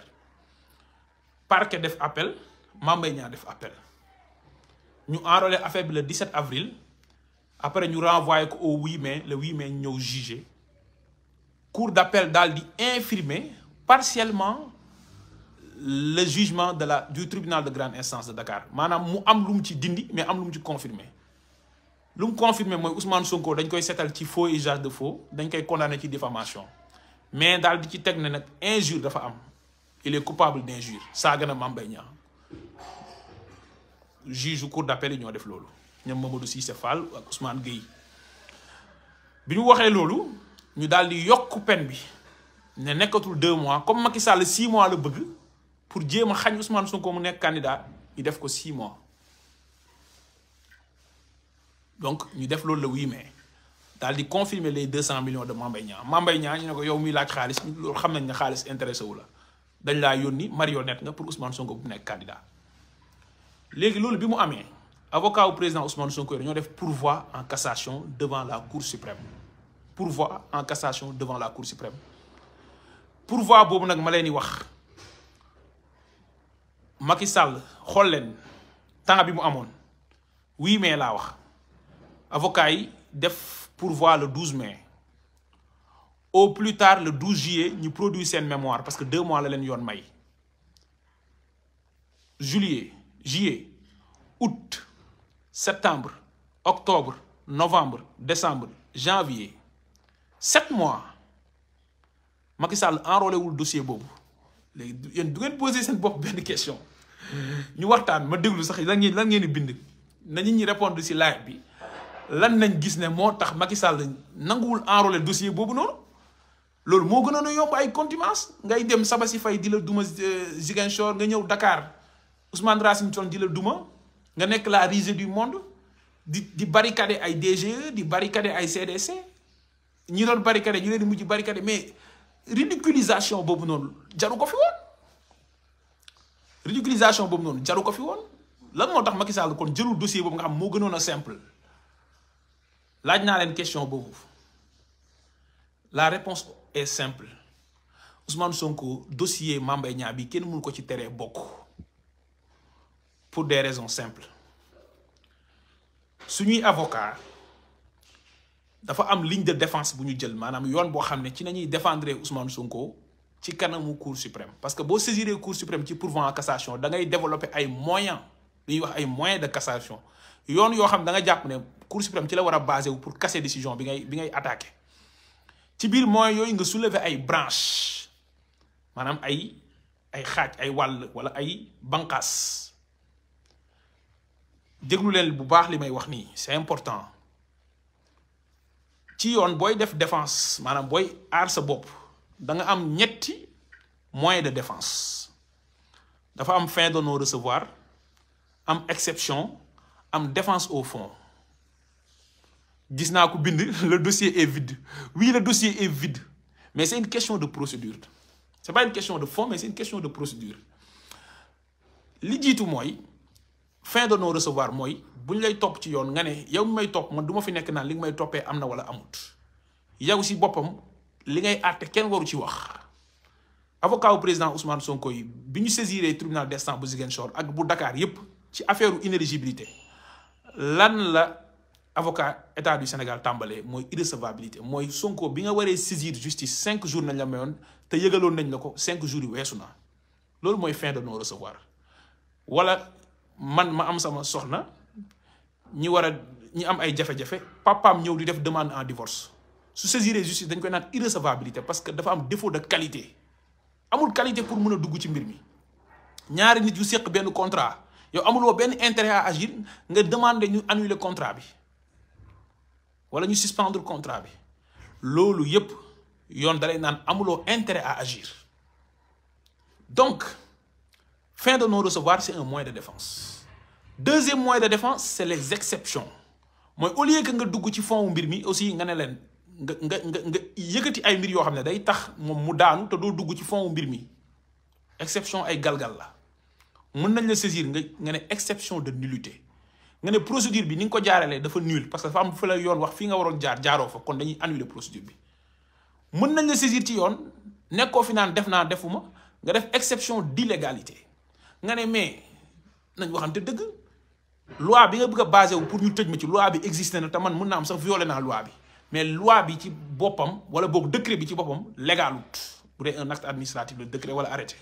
parquet def appel Mame Mbaye Niang def appel ñu enrôlé affaire bi le 17 avril après ñu renvoyé ko au 8 mai le 8 mai ñëw jugé cour d'appel daal di infirmer partiellement le jugement de la du tribunal de grande instance de Dakar maanaam mu am lu mu ci dindi mais am lu mu ci confirmé lu mu confirmé mooy Ousmane Sonko dañ koy seetal ci faux et usage de faux dañ koy condamné ci diffamation mais daal di ci teg na nag injure dafa am il est coupable d'injure saaga na Mame Mbaye Niang juge cour d'appel yi ñoo def loolu. ñoom Mamadou Cissé Fall ak Ousmane Gueye bi ñu waxee loolu ñu daal di yokk pen bi ne nekkatul deux mois comme Macky Sall six mois la bëgg pour jéem a xañ Ousmane Sonko mu nekk candidat ñu def ko six mois donc ñu def loolu le huit mais daal di confirmer les deux cent millions de Mame Mbaye Niang Mame ñu ne ko yow muy laaj xaalis loolu xam nañ ne xaalis intéressé wu la dañ laa yónni marionnette nga pour Ousmane Sonko bu nekk candidat léegi loolu bi mu amee. avocat wu président Ousmane Sonko dañoo def pourvoi en cassation devant la cour suprême pourvoi en cassation devant la cour suprême boobu nag ma leen di wax Macky Sall xool leen temps bi mu amoon 8 mai laa wax avocat yi def pourvoi le 12 mai au plus tard le 12 juillet ñu produit seen mémoire parce que deux mois la leen yoon may juillet juillet août. septembre octobre novembre décembre janvier sept mois Macky Sall enrôlé wul dossier boobu léegi yéen du ngeen posé seen bopp benn question ñu waxtaan ma déglu sax lan ngeen lan ngeen di bind nañu ñi répondre si live bi lan nañ gis ne moo tax Macky Sall nanguwul enrôlé dossier boobu noonu loolu moo gën a yomb ay contumace ngay dem si fay di la duma euh, Ziguinchor nga ñëw Dakar Ousmane Racine Thion di la duma. nga nekk la rise du monde di di barricade ay DGE di barricade ay CDC ñi doon barricade ñu leen di mujj barricade mais ridiculisation boobu noonu jaru ko fi woon ridiculisation boobu noonu jaru ko fi woon lan moo tax Macky Sall kon jërul dossier boobu nga xam moo gënoon a simple laaj naa leen question boobu la réponse est simple Ousmane Sonko dossier Mame Mbaye Niang bi kenn mënu ko ci teree bokk pour des raisons simples suñuy avocat dafa am ligne de défense bu ñu jël maanaam yoon boo xam ne ci nañuy défendre Ousmane Sonko ci kanamu cour suprême parce que boo saisiree cour suprême ci pourvoi en cassation da ngay ay moyens lu ñuy wax ay moyens de cassation yoon yoo xam da nga jàpp ne cour suprême ci la war a basé wu pour casser décision bi ngay bi ngay attaqué ci biir moyens yooyu nga soulever ay branches maanaam ay ay xaaj ay wàll wala ay banqaas déglu bu baax li may wax nii c'est important ci yoon booy def défense maanaam booy aar sa bopp da nga am ñetti moyen de défense dafa am fin de non recevoir am exception am défense au fond gis naa ko bind le dossier est vide oui le dossier est vide mais c'est question de procédure c'est pas une question de fond mais c'est question de procédure li jiitu mooy fin de non recevoir mooy bu ñu lay topp ci yoon nga ne yow mi may topp man duma fi nekk naan li nga may toppee am na wala amut yow si boppam li ngay àtte kenn waru ci wax avocat président Ousmane Sonko yi bi ñu saisiré tribunal d'instance bu Ziguinchor ak bu dakaar yépp ci affaire inéligibilité lan la avocat état du Sénégal tàmbalee mooy irrecevabilité mooy Sonko bi nga waree saisir justice cinq jours nañ la mayoon te yëgaloon nañ la ko cinq jours yi loolu mooy fin de non recevoir man ma am sama soxna ñi war a ñi am ay jafe-jafe papaam ñëw di def demande en divorce su saisiree justice dañ koy naan irrecevabilité parce que dafa am défaut de qualité amul qualité pour mën a dugg ci mbir mi ñaari nit yu seq benn contrat yow amuloo benn intérêt à agir nga demander ñu annuler contrat bi wala ñu suspendre contrat bi loolu yépp yoon dalay naan amuloo intérêt à agir donc fin de non-recevoir c'est un moyen de défense deuxième moyen de défense c'est les exceptions mooy au lieu que nga dugg ci fond mbir mi aussi nga ne leen nga nga nga nga yëkkati ay mbir yoo xam ne day tax moom mu daanu te doo dugg ci fond mbir mi exception ay galgal la mën nañ la saisir nga nga ne exception de nullité nga ne procédure bi ni nga ko jaarale dafa nul parce que dafa am fa la yoon wax fi nga waroon jaar jaaroo fa kon dañuy annuler procédure bi mën nañ la saisir ci yoon nekkoo fi naan def naa defuma nga def exception d'illégalité nga ne mais nañ te dëgg loi bi nga bëgg a basé wu pour ñu tëj ma ci loi bi existé na te man mun naa am sax violé naa bi mais loi bi ci boppam wala boog décret bi ci boppam légalut bu dee un acte administratif le décret wala arrêté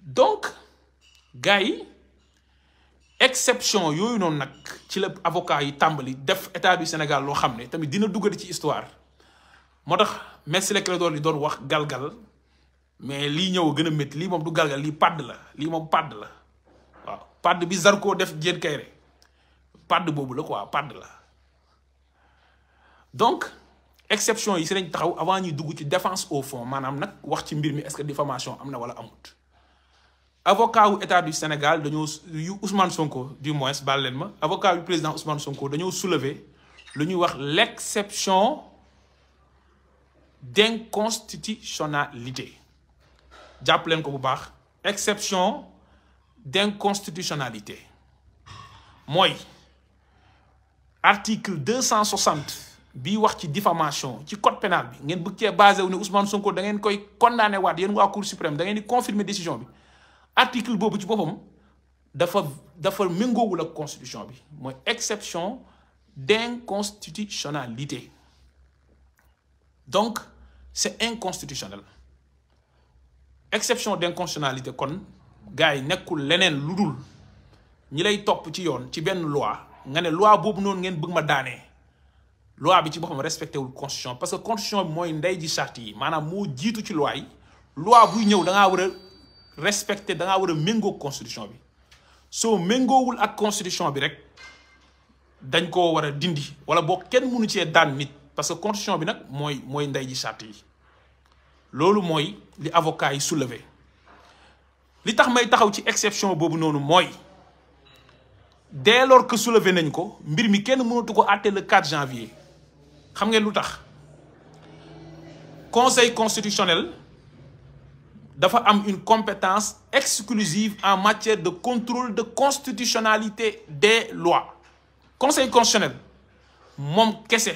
donc gars yi exception yooyu noonu nag ci la avocat yi tàmbali def état du Sénégal loo xam ne tamit dina duggati ci histoire moo tax Maître Ciré Clédor doon wax galgal mais lii ñëw gën a métti lii moom du galgal lii padd la lii moom padd la waaw padd bi koo def Diène Kaïré padd boobu la quoi padd la donc exception yi si lañ taxaw avant ñuy dugg ci défense au fond maanaam nag wax ci mbir mi est-ce que formation am na wala amut avocat wu état du Sénégal dañoo yu Ousmane Sonko du moins baal ma avocat yu président Ousmane Sonko dañoo soulever lu ñuy wax l'exception d'inconstitutionnalité jàpp leen ko bu baax exception d'inconstitutionnalité mooy article deux cent soixante bii wax ci diffamation ci code pénal bi ngeen bëgg cee basé wu ne Ousmane Sonko da ngeen koy condamné waat yéen waa cour suprême da ngeen di confirmer décision bi article boobu ci boppam dafa dafa méngoowul ak constitution bi mooy exception d'inconstitutionnalité donc c'est inconstitutionnel exception d'inconstitutionnalité kon gars yi nekkul leneen lu dul ñi lay topp ci yoon ci benn loi nga ne loi boobu noonu ngeen bëgg ma daanee loi bi ci boppam respecté wul constitution parce que constitution bi mooy ndey ji charte maanaam moo jiitu ci loi loi buy ñëw da war a respecté da war a méngoo constitution bi soo méngoowul ak constitution bi rek dañ koo war a dindi wala boo kenn mënu cee daan nit parce que constitution bi nag mooy mooy ndey ji charte yi loolu mooy li avocat yi soulever li tax may taxaw ci exception boobu noonu mooy dès lors que soulever nañ ko mbir mi kenn mënatu ko àtte le 4 janvier xam nga lu tax conseil constitutionnel dafa am une compétence exclusive en matière de contrôle de constitutionnalité des lois conseil constitutionnel moom kese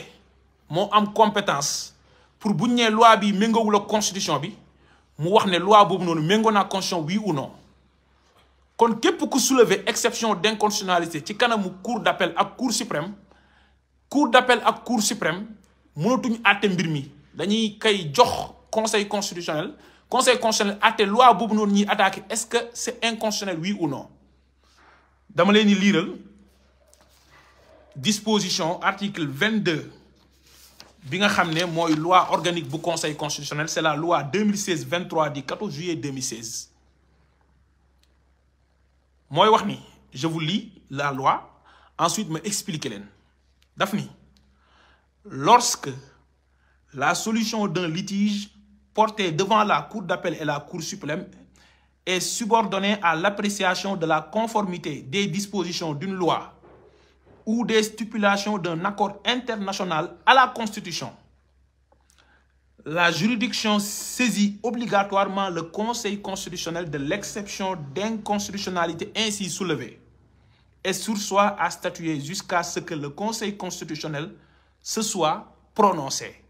moo am compétence pour buñ nee loi bi méngoowul ak constitution bi mu wax ne loi boobu noonu méngoo naa constitution oui ou no kon képp ku soulever exception d'inconstitutionnalité ci kanamu cour d'appel ak cour suprême cour d'appel ak cour suprême mënatuñ àtte mbir mi dañuy kay jox conseil constitutionnel conseil constitutionnel àtte loi boobu noonu ñuy attaque est-ce que c'est inconstitutionnel oui ou no dama leen di liiral disposition article 22 bi nga xam ne mooy loi organique bu conseil constitutionnel c'est la loi 2016 23 du 14 juillet 2016 mooy wax ni je vous lis la loi ensuite ma expliquer leen daf ni lorsque la solution d'un litige porté devant la cour d'appel et la cour suprême est subordonnée à l'appréciation de la conformité des dispositions d'une loi ou des stipulations d'un accord international à la Constitution. La juridiction saisit obligatoirement le Conseil constitutionnel de l'exception d'inconstitutionnalité ainsi soulevée et sur soi à statuer jusqu'à ce que le Conseil constitutionnel se soit prononcé.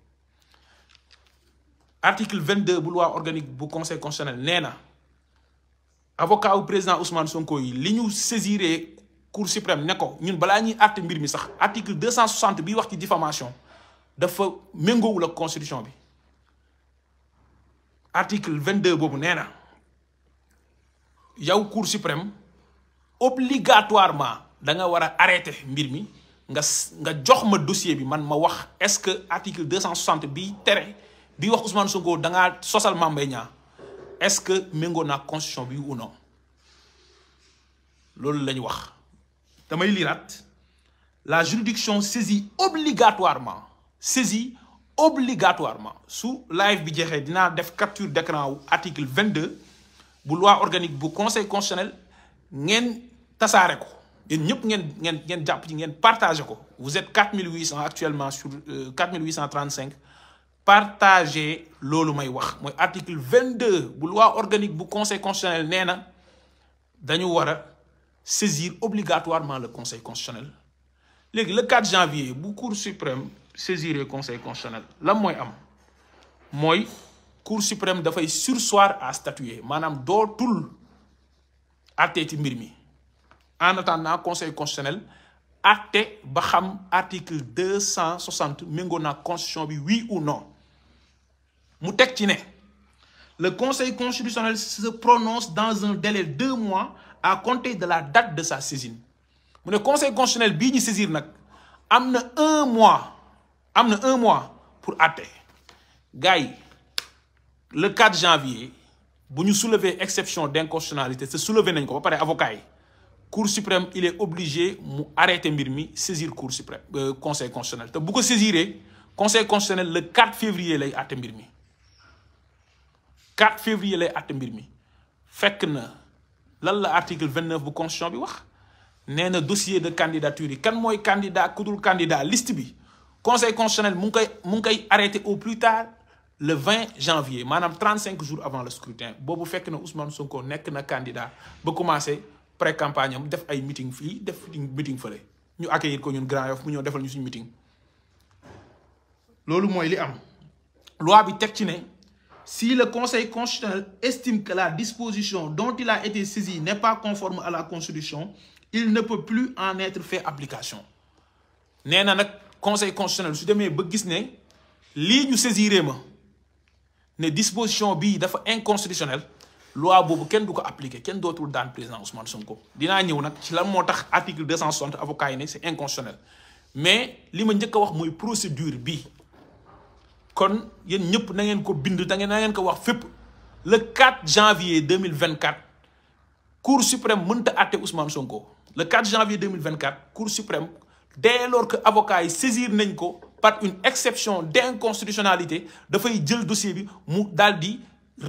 Article 22 bu loi organique bu Conseil constitutionnel nee na avocat wu président Ousmane Sonko yi li ñu cour suprême ne ko ñun balaa ñuy àtte mbir mi sax article 260 bi wax ci diffamation dafa méngoowul ak constitution bi article 22 boobu nee na yow cour suprême obligatoirement da nga war a arrêté mbir mi nga nga jox ma dossier bi man ma wax est-ce que article 260 bi tere bi wax Ousmane Sonko da ngaa sosal Mame Mbaye est-ce que méngoo naa constitution bi ou non loolu lañu wax damay liraat la juridiction saisi obligatoirement saisit obligatoirement su live bi jeexee dinaa def capture d'écran wu article 22 bu loi organique bu conseil constitutionnel ngeen tasaare ko yéen ñëpp ngeen ngeen ngeen jàpp ci ngeen partagé ko vous êtes 4800 actuellement sur 4835 euh, partagé loolu may wax mooy article 22 bu loi organique bu conseil constitutionnel nee na dañu war a saisir obligatoirement le conseil constitutionnel léegi le 4 janvier bu cour suprême saisir conseil constitutionnel lan mooy am mooy cour suprême dafay surseoir à statuer maanaam dootul àtte ci mbir mi en attendant conseil constitutionnel àtte ba xam article deux cent soixante méngoo na constitution bi oui ou non mu teg ci ne le conseil constitutionnel se prononce dans un délai de deux mois à compter de la date de sa saisine mu ne conseil constitutionnel bii ñu saisir nag am na un mois am na un mois pour àtte gars yi le 4 janvier bu ñu soulever exception d'inconstitutionnalité se soulever nañ ko ba pare avocat yi cour suprême il est obligé mu arrêter mbir mi saisir cour suprême euh, conseil constitutionnel te bu ko saisiree conseil constitutionnel le 4 février lay àtte mbir mi 4 février lay àtte mbir mi fekk na. lan la article vingt neuf bu constitution bi wax nee na dossier de candidature yi kan mooy candidat ku dul candidat list bi conseil constitutionnel mu ngi koy mu ngi koy arrêté au plus tard le 20 janvier maanaam cinq jours avant le scrutin boobu fekk na Ousmane ko nekk na candidat ba commencé pré campagne am def ay meeting fii def meeting fële ñu accueillir ko ñun Grand Yoff mu ñëw defal ñu suñu meeting. loolu mooy li am loi bi teg ci ne. si le Conseil constitutionnel estime que la disposition dont il a été saisi n'est pas conforme à la Constitution, il ne peut plus en être fait application. nee na nag Conseil constitutionnel su demee ba gis ne lii ñu saisiré ma ne disposition bii dafa inconstitutionnel loi boobu kenn du ko appliqué kenn dootul daan président Ousmane Sonko. dinaa ñëw nag ci lan moo tax article 260 avocat yi ne c'est inconstitutionnel mais li ma njëkk a wax mooy procédure bi kon yéen ñëpp na ngeen ko bind da ngeen na ngeen ko wax fépp le 4 janvier 2024 cour suprême mënta àtte Ousmane Sonko le 4 janvier 2024 cour suprême dès lors que avocat yi saisir nañ ko par une exception d'inconstitutionnalité dafay jël dossier bi mu dal di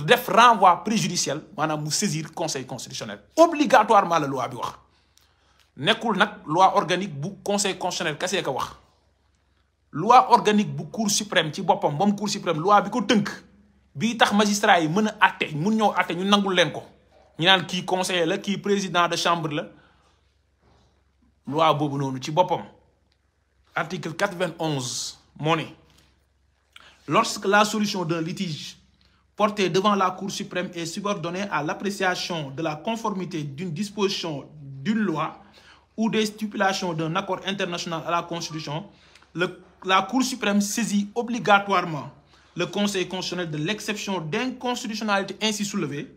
def renvoi préjudiciel maanaam mu saisir conseil constitutionnel obligatoirement la loi bi wax nekkul nag loi organique bu conseil constitutionnel kasee ko wax. loi organique bu cour suprême ci boppam moom cour suprême loi bi ko tënk bii tax magistrat yi mën a atte mun ñëw atte ñu nangul leen ko ñu naan kii conseiller la kii président de chambre la loi boobu noonu ci boppam article 91 moo ne lorsque la solution d'un litige porté devant la cour suprême est subordonnée à l'appréciation de la conformité d'une disposition d'une loi ou des stipulations d'un accord international à la constitution le la Cour suprême saisit obligatoirement le Conseil constitutionnel de l'exception d'inconstitutionnalité ainsi soulevée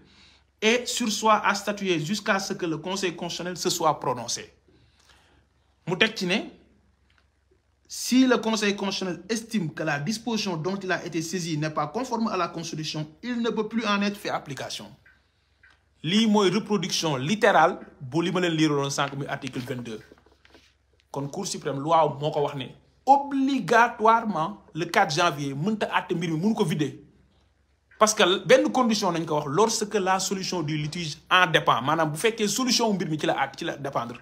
et sursoit à statuer jusqu'à ce que le Conseil constitutionnel se soit prononcé mu teg ci ne si le Conseil constitutionnel estime que la disposition dont il a été saisi n'est pas conforme à la Constitution il ne peut plus en être fait application lii mooy reproduction littérale bu li ma li liiraloon sànq muy article 22 kon Cour suprême moo ko wax ne obligatoirement le 4 janvier mënta àtte mbir mi mënu ko vider parce que benn condition nañ ko wax ce lorsque la solution du litige en dépend maanaam bu fekkee solution mbir mi ci la àtte ci la dépendre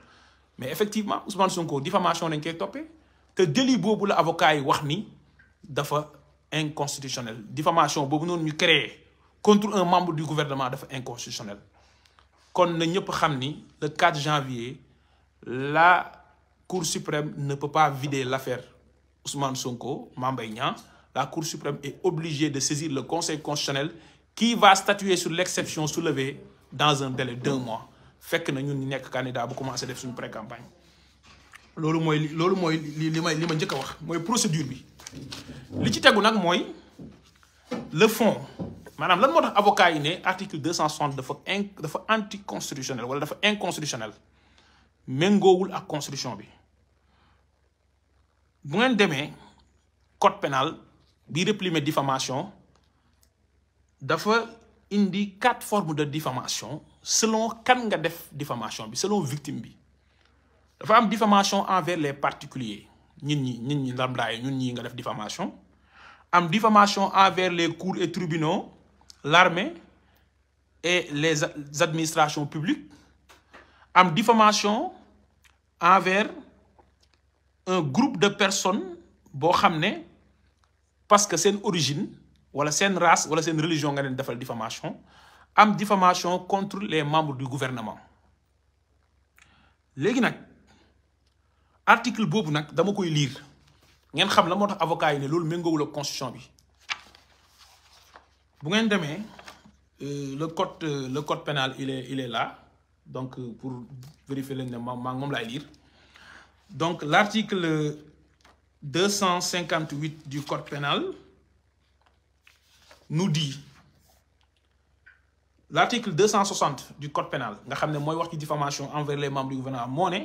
mais effectivement Ousmane Sonko diffamation nañ koy toppee te délit boobu la avocat yi wax ni dafa inconstitutionnel diffamation boobu noonu ñu créé contre un membre du gouvernement dafa inconstitutionnel kon na ñëpp xam ni le 4 janvier la Cour suprême ne peut pas vider l'affaire Ousmane Sonko, Mambay la Cour suprême est obligée de saisir le Conseil constitutionnel qui va statuer sur l'exception soulevée dans un délai d'un mois. fekk Fait que nous sommes candidats pour commencer à faire une pré-campagne. C'est ce que je dire. C'est la procédure. ci tegu nag mooy le fond. maanaam lan moo tax avocat yi ne article 260 dafa in dafa anticonstitutionnel wala dafa inconstitutionnel méngoowul ak constitution bi bu ngeen demee code pénal bi réprimer diffamation dafa indi quatre formes de diffamation selon kan nga def diffamation bi selon victime bi dafa am diffamation envers les particulier nit ñi nit ñi lambda yi ñun ñi nga def diffamation am diffamation envers les cours et tribunaux l'armée et les administrations publique am diffamation envers un groupe de personnes boo xam ne parce que seen origine wala seen race wala seen religion nga leen defal diffamation am diffamation contre les membres du gouvernement léegi nag article boobu nag dama koy liir ngeen xam la moo tax avocat yi ne loolu méngoowul ak constitution bi bu ngeen demee euh, le code euh, le code pénal il est il est là donc euh, pour vérifier leen ne ma maa moom laay lire Donc l'article 258 du Code pénal nous dit l'article 260 du Code pénal nga xam ne mooy wax ci diffamation envers les membres du gouvernement moo ne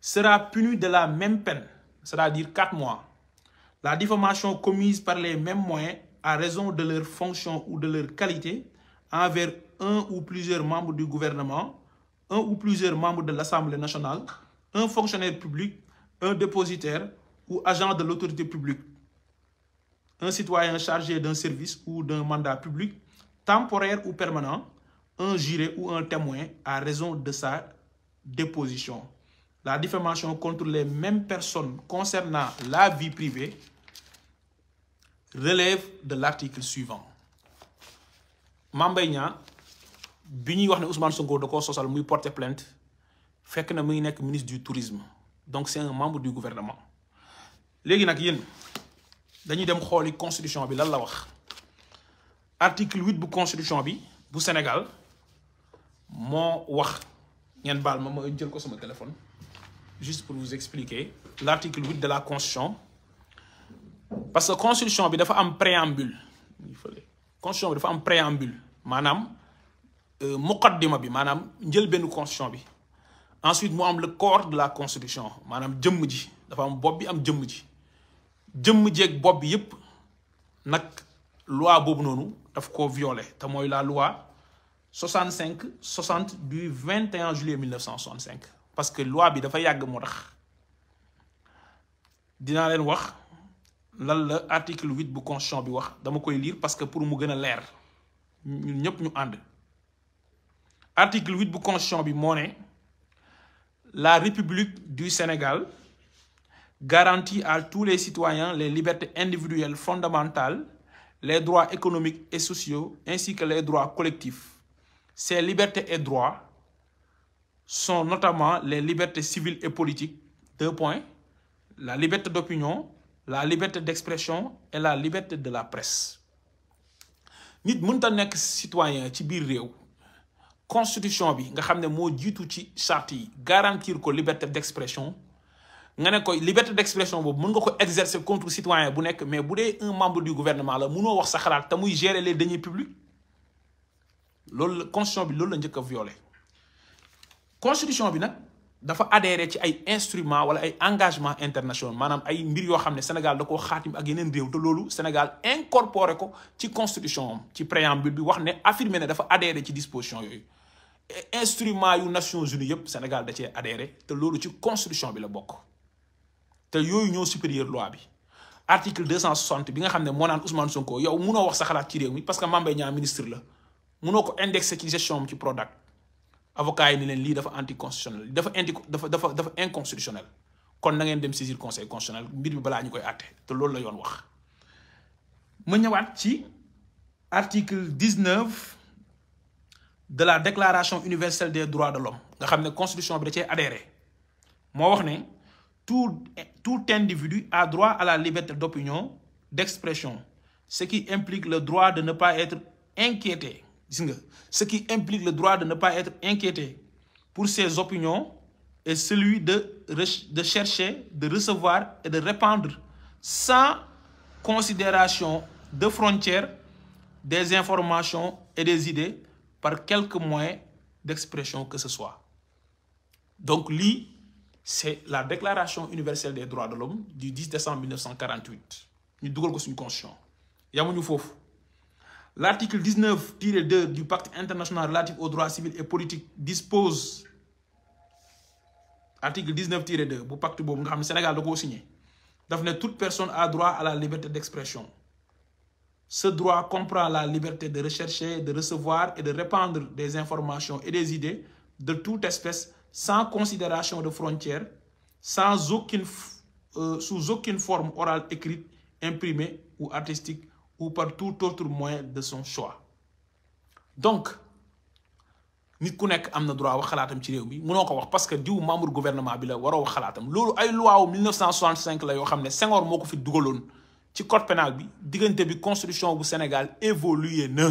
sera puni de la même peine c'est-à-dire quatre mois la diffamation commise par les mêmes moyens à raison de leur fonction ou de leur qualité envers un ou plusieurs membres du gouvernement un ou plusieurs membres de l'Assemblée nationale un fonctionnaire public, un dépositaire ou agent de l'autorité publique, un citoyen chargé d'un service ou d'un mandat public, temporaire ou permanent, un juré ou un témoin à raison de sa déposition. La diffamation contre les mêmes personnes concernant la vie privée relève de l'article suivant. Mame Mbaye Niang bi ñuy wax ne Ousmane Sonko da koo muy porter plainte fekk na mu ngi nekk ministre du tourisme donc c'est un membre du gouvernement léegi nag yéen dañuy dem xooli constitution bi lan la wax article huit bu constitution bi bu Sénégal moo wax ngeen baal ma ma jël ko sama téléphone juste pour vous expliquer l'article huit de la constitution parce que constitution bi dafa am préambule constitution bi dafa am préambule maanaam euh, muqaddima bi maanaam njël benn constitution bi ensuite mu am le corps de la constitution maanaam jëmm ji dafa am bopp bi am jëmm ji jëmm jeeg bopp bi yëpp nag loi boobu noonu daf ko violé te mooy la loi 65 60 du 21 juillet 1965 parce que loi bi dafa yàgg moo tax dinaa leen wax lan la article 8 bu constitution bi wax dama koy lire parce que pour mu gën a leer ñun ñépp ñu ànd article 8 bu constitution bi moo ne la République du Sénégal garantit à tous les citoyens les libertés individuelles fondamentales, les droits économiques et sociaux, ainsi que les droits collectifs. Ces libertés et droits sont notamment les libertés civiles et politiques, deux points, la liberté d'opinion, la liberté d'expression et la liberté de la presse. nit mënta nekk citoyen ci biir réew constitution bi nga xam ne moo jiitu ci chart yi garantir ko liberté d'expression nga ne koy liberté d'expression boobu mën nga ko exercer contre citoyen bu nekk mais bu dee un membre du gouvernement la mënoo wax sa xalaat te muy gérer les deniers publics loolu la constitution bi loolu la njëkk a violé constitution bi nag dafa adhéré ci ay instruments wala ay engagement internationaux maanaam ay mbir yoo xam ne Sénégal da ko xaatim ak yeneen réew te loolu Sénégal incorporé ko ci constitution am ci préambule bi wax ne affirmé ne dafa adhéré ci disposition yooyu instrument yu Nations Unies yëpp Sénégal da cee adhéré te loolu ci constitution bi la bokk te yooyu ñoo supérieur loi bi article deux cent soixante bi nga xam ne moo naan Ousmane Sonko yow munoo wax sa xalaat ci réew mi parce que Mame Mbaye Niang ministre la munoo ko indexé ci gestion ci Prodac avocat yi ni leen lii dafa anticonstitutionnel dafa anti dafa dafa dafa inconstitutionnel kon na ngeen dem saisir conseil constitutionnel mbir bi balaa ñu koy àtte te loolu la yoon wax ma ñëwaat ci article dix de la déclaration universelle des droits de l'homme nga xam ne constitution bi da moo wax ne tout tout individu a droit à la liberté d'opinion d'expression ce qui implique le droit de ne pas être inquiété gis nga ce qui le droit de ne pas être pour ses opinions et celui de de chercher de recevoir et de répandre sans considération de frontières des informations et des idées par quelque moyen d'expression que ce soit. Donc lii c'est la déclaration universelle des droits de l'homme du 10 décembre 1948 ñu dugal ko suñu constitution yamuñu foofu l'article 19-2 du pacte international relatif aux droits civils et politiques dispose article 19-2 bu pacte boobu nga xam ne Sénégal da koo signé daf ne toute personne a droit à la liberté d'expression Ce droit comprend la liberté de rechercher, de recevoir et de répandre des informations et des idées de toute espèce sans considération de frontières, sans aucune, euh, sous aucune forme orale écrite, imprimée ou artistique ou par tout autre moyen de son choix. Donc, nit ku nekk am na droit wax xalaatam ci réew mi mënoo ko wax parce que diw membre gouvernement bi la waroo wax xalaatam loolu ay loi wu 1965 la yoo xam ne Senghor moo ko fi dugaloon ci code bi diggante bi constitution bu Sénégal évolué na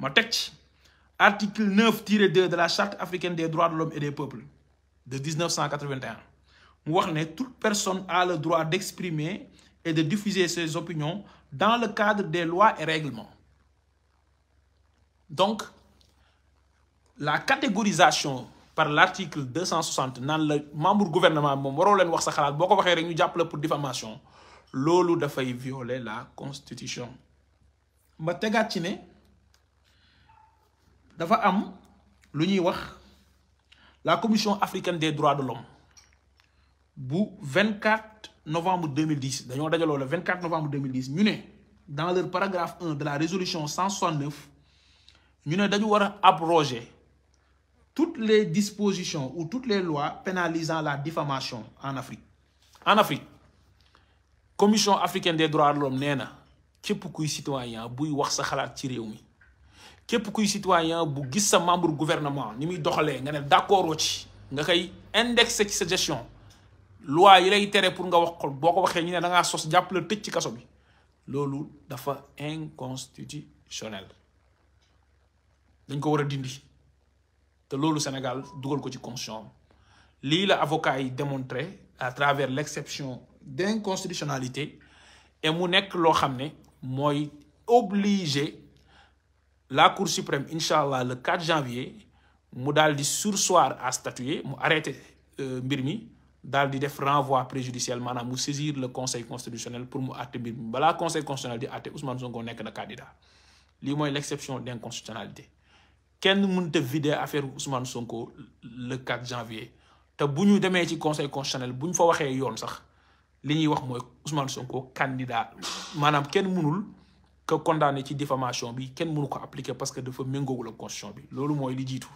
ma teg ci article 9 tiré 2 de la charte africaine des droits de l'homme et des peuples de 1981 mu wax ne toute personne a le droit d'exprimer et de diffuser ses opinions dans le cadre des lois et règlements donc la catégorisation par l' article deux cent soixante naan la membre gouvernement moom waroo leen wax sa xalaat boo ko waxee rek ñu jàpp pour diffamation loolu dafay violer la constitution. ba tegaat ci ne dafa am lu ñuy wax la commission africaine des droits de l'homme bu 24 novembre 2010 dañoo dajaloo le 24 novembre 2010 ñu ne dans leur paragraphe 1 de la résolution 169 ñu ne dañu war a abroger. toutes les dispositions ou toutes les lois pénalisant la diffamation en Afrique en Afrique commission africaine des droits de l'homme nee na képp kuy citoyen buy wax sa xalaat ci réew mi képp kuy citoyen bu gis sa membre gouvernement ni muy doxalee nga ne d'accord ci nga koy indexé ci sa gestion loi yi lay tere pour nga wax ko boo ko waxee ñu ne da ngaa sos jàppale tëj ci kaso bi loolu dafa inconstitutionnel dañ ko war a dindi te loolu Sénégal dugal ko ci constitution lii la avocat yi démontré à travers l'exception d'inconstitutionnalité et mu nekk loo xam ne mooy obligé la Cour suprême incha allah le 4 janvier mu daal di surseoir à statuer mu arrêté euh, mbir mi daal di def renvoi préjudiciel maanaam mu saisir le conseil constitutionnel pour mu àtte mbir mi balaa conseil constitutionnel di àtte Ousmane Sonko nekk na candidat lii mooy l'exception d'inconstitutionnalité kenn mun te vider affaire Ousmane Sonko le 4 janvier te bu ñu demee ci conseil constitutionnel bu ñu fa waxee yoon sax li ñuy wax mooy Ousmane Sonko candidat maanaam kenn mënul ko condamné ci diffamation bi kenn mënu ko appliquer parce que dafa méngoowul ak constitution bi loolu mooy li jiitu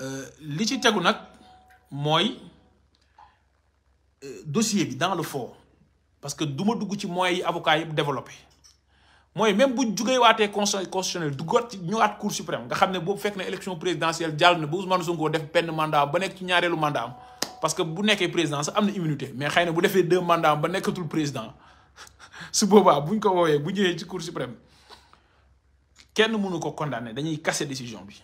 euh, li ci tegu nag mooy euh, dossier bi dans le fond parce que du ma dugg ci moyens yi avocat yëpp développé mooy même bu jugee waatee conseil constitutionnel du got ci ñëwaat cour suprême nga xam ne boobu fekk na élection présidentielle jàll na ba Ousmane Sonko def benn mandat ba nekk ci ñaareelu mandat am parce que bu nekkee président sax am na immunité mais xëy na bu defee deux mandats am ba nekkatul président su boobaa buñ ko woowee bu ñëwee ci cour suprême kenn mënu ko condamné dañuy kase décision bi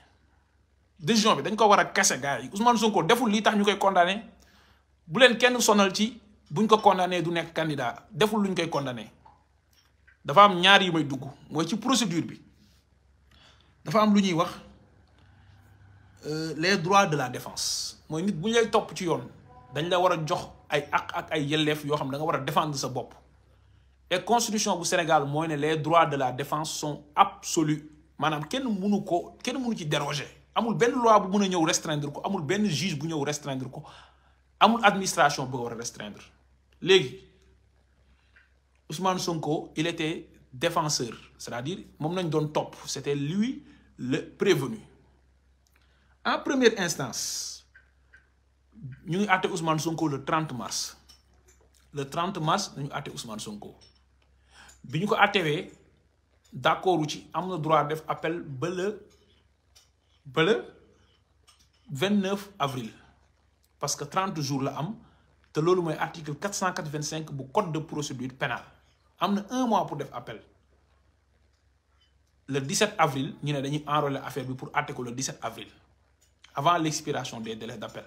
décision bi dañ ko war a casser gars yi Ousmane Sonko deful lii tax ñu koy condamné bu leen kenn sonal ci buñ ko condamné du nekk candidat deful luñ koy condamné. dafa am ñaar yu may dugg mooy ci procédure bi dafa am lu ñuy wax euh, les droits de la défense mooy nit bu ñu lay topp ci yoon dañ la war a jox ay ak ak ay yelleef yoo xam da nga war a défendre sa bopp e constitution bu Sénégal mooy ne les droits de la défense sont absolus maanaam kenn munu ko kenn munu ci déroger amul benn loi bu mun a ñëw restreindre ko amul benn juge bu ñëw restreindre ko amul administration bu war a restreindre léegi Ousmane Sonko il était défenseur c'est-à-dire moom nañ doon topp c'était lui le prévenu en première instance ñu ngi àtte Ousmane Sonko le 30 mars le 30 mars nañu àtte Ousmane Sonko bi ñu ko àttewee d'accordu ci am na droit def appel ba le ba le 29 avril parce que 30 jours la am te loolu mooy article 485 bu code de procédure pénale am na un mois pour def appel le 17 avril ñu ne dañuy enrôler affaire bi pour àtte ko le 17 avril avant l'expiration des délais d'appel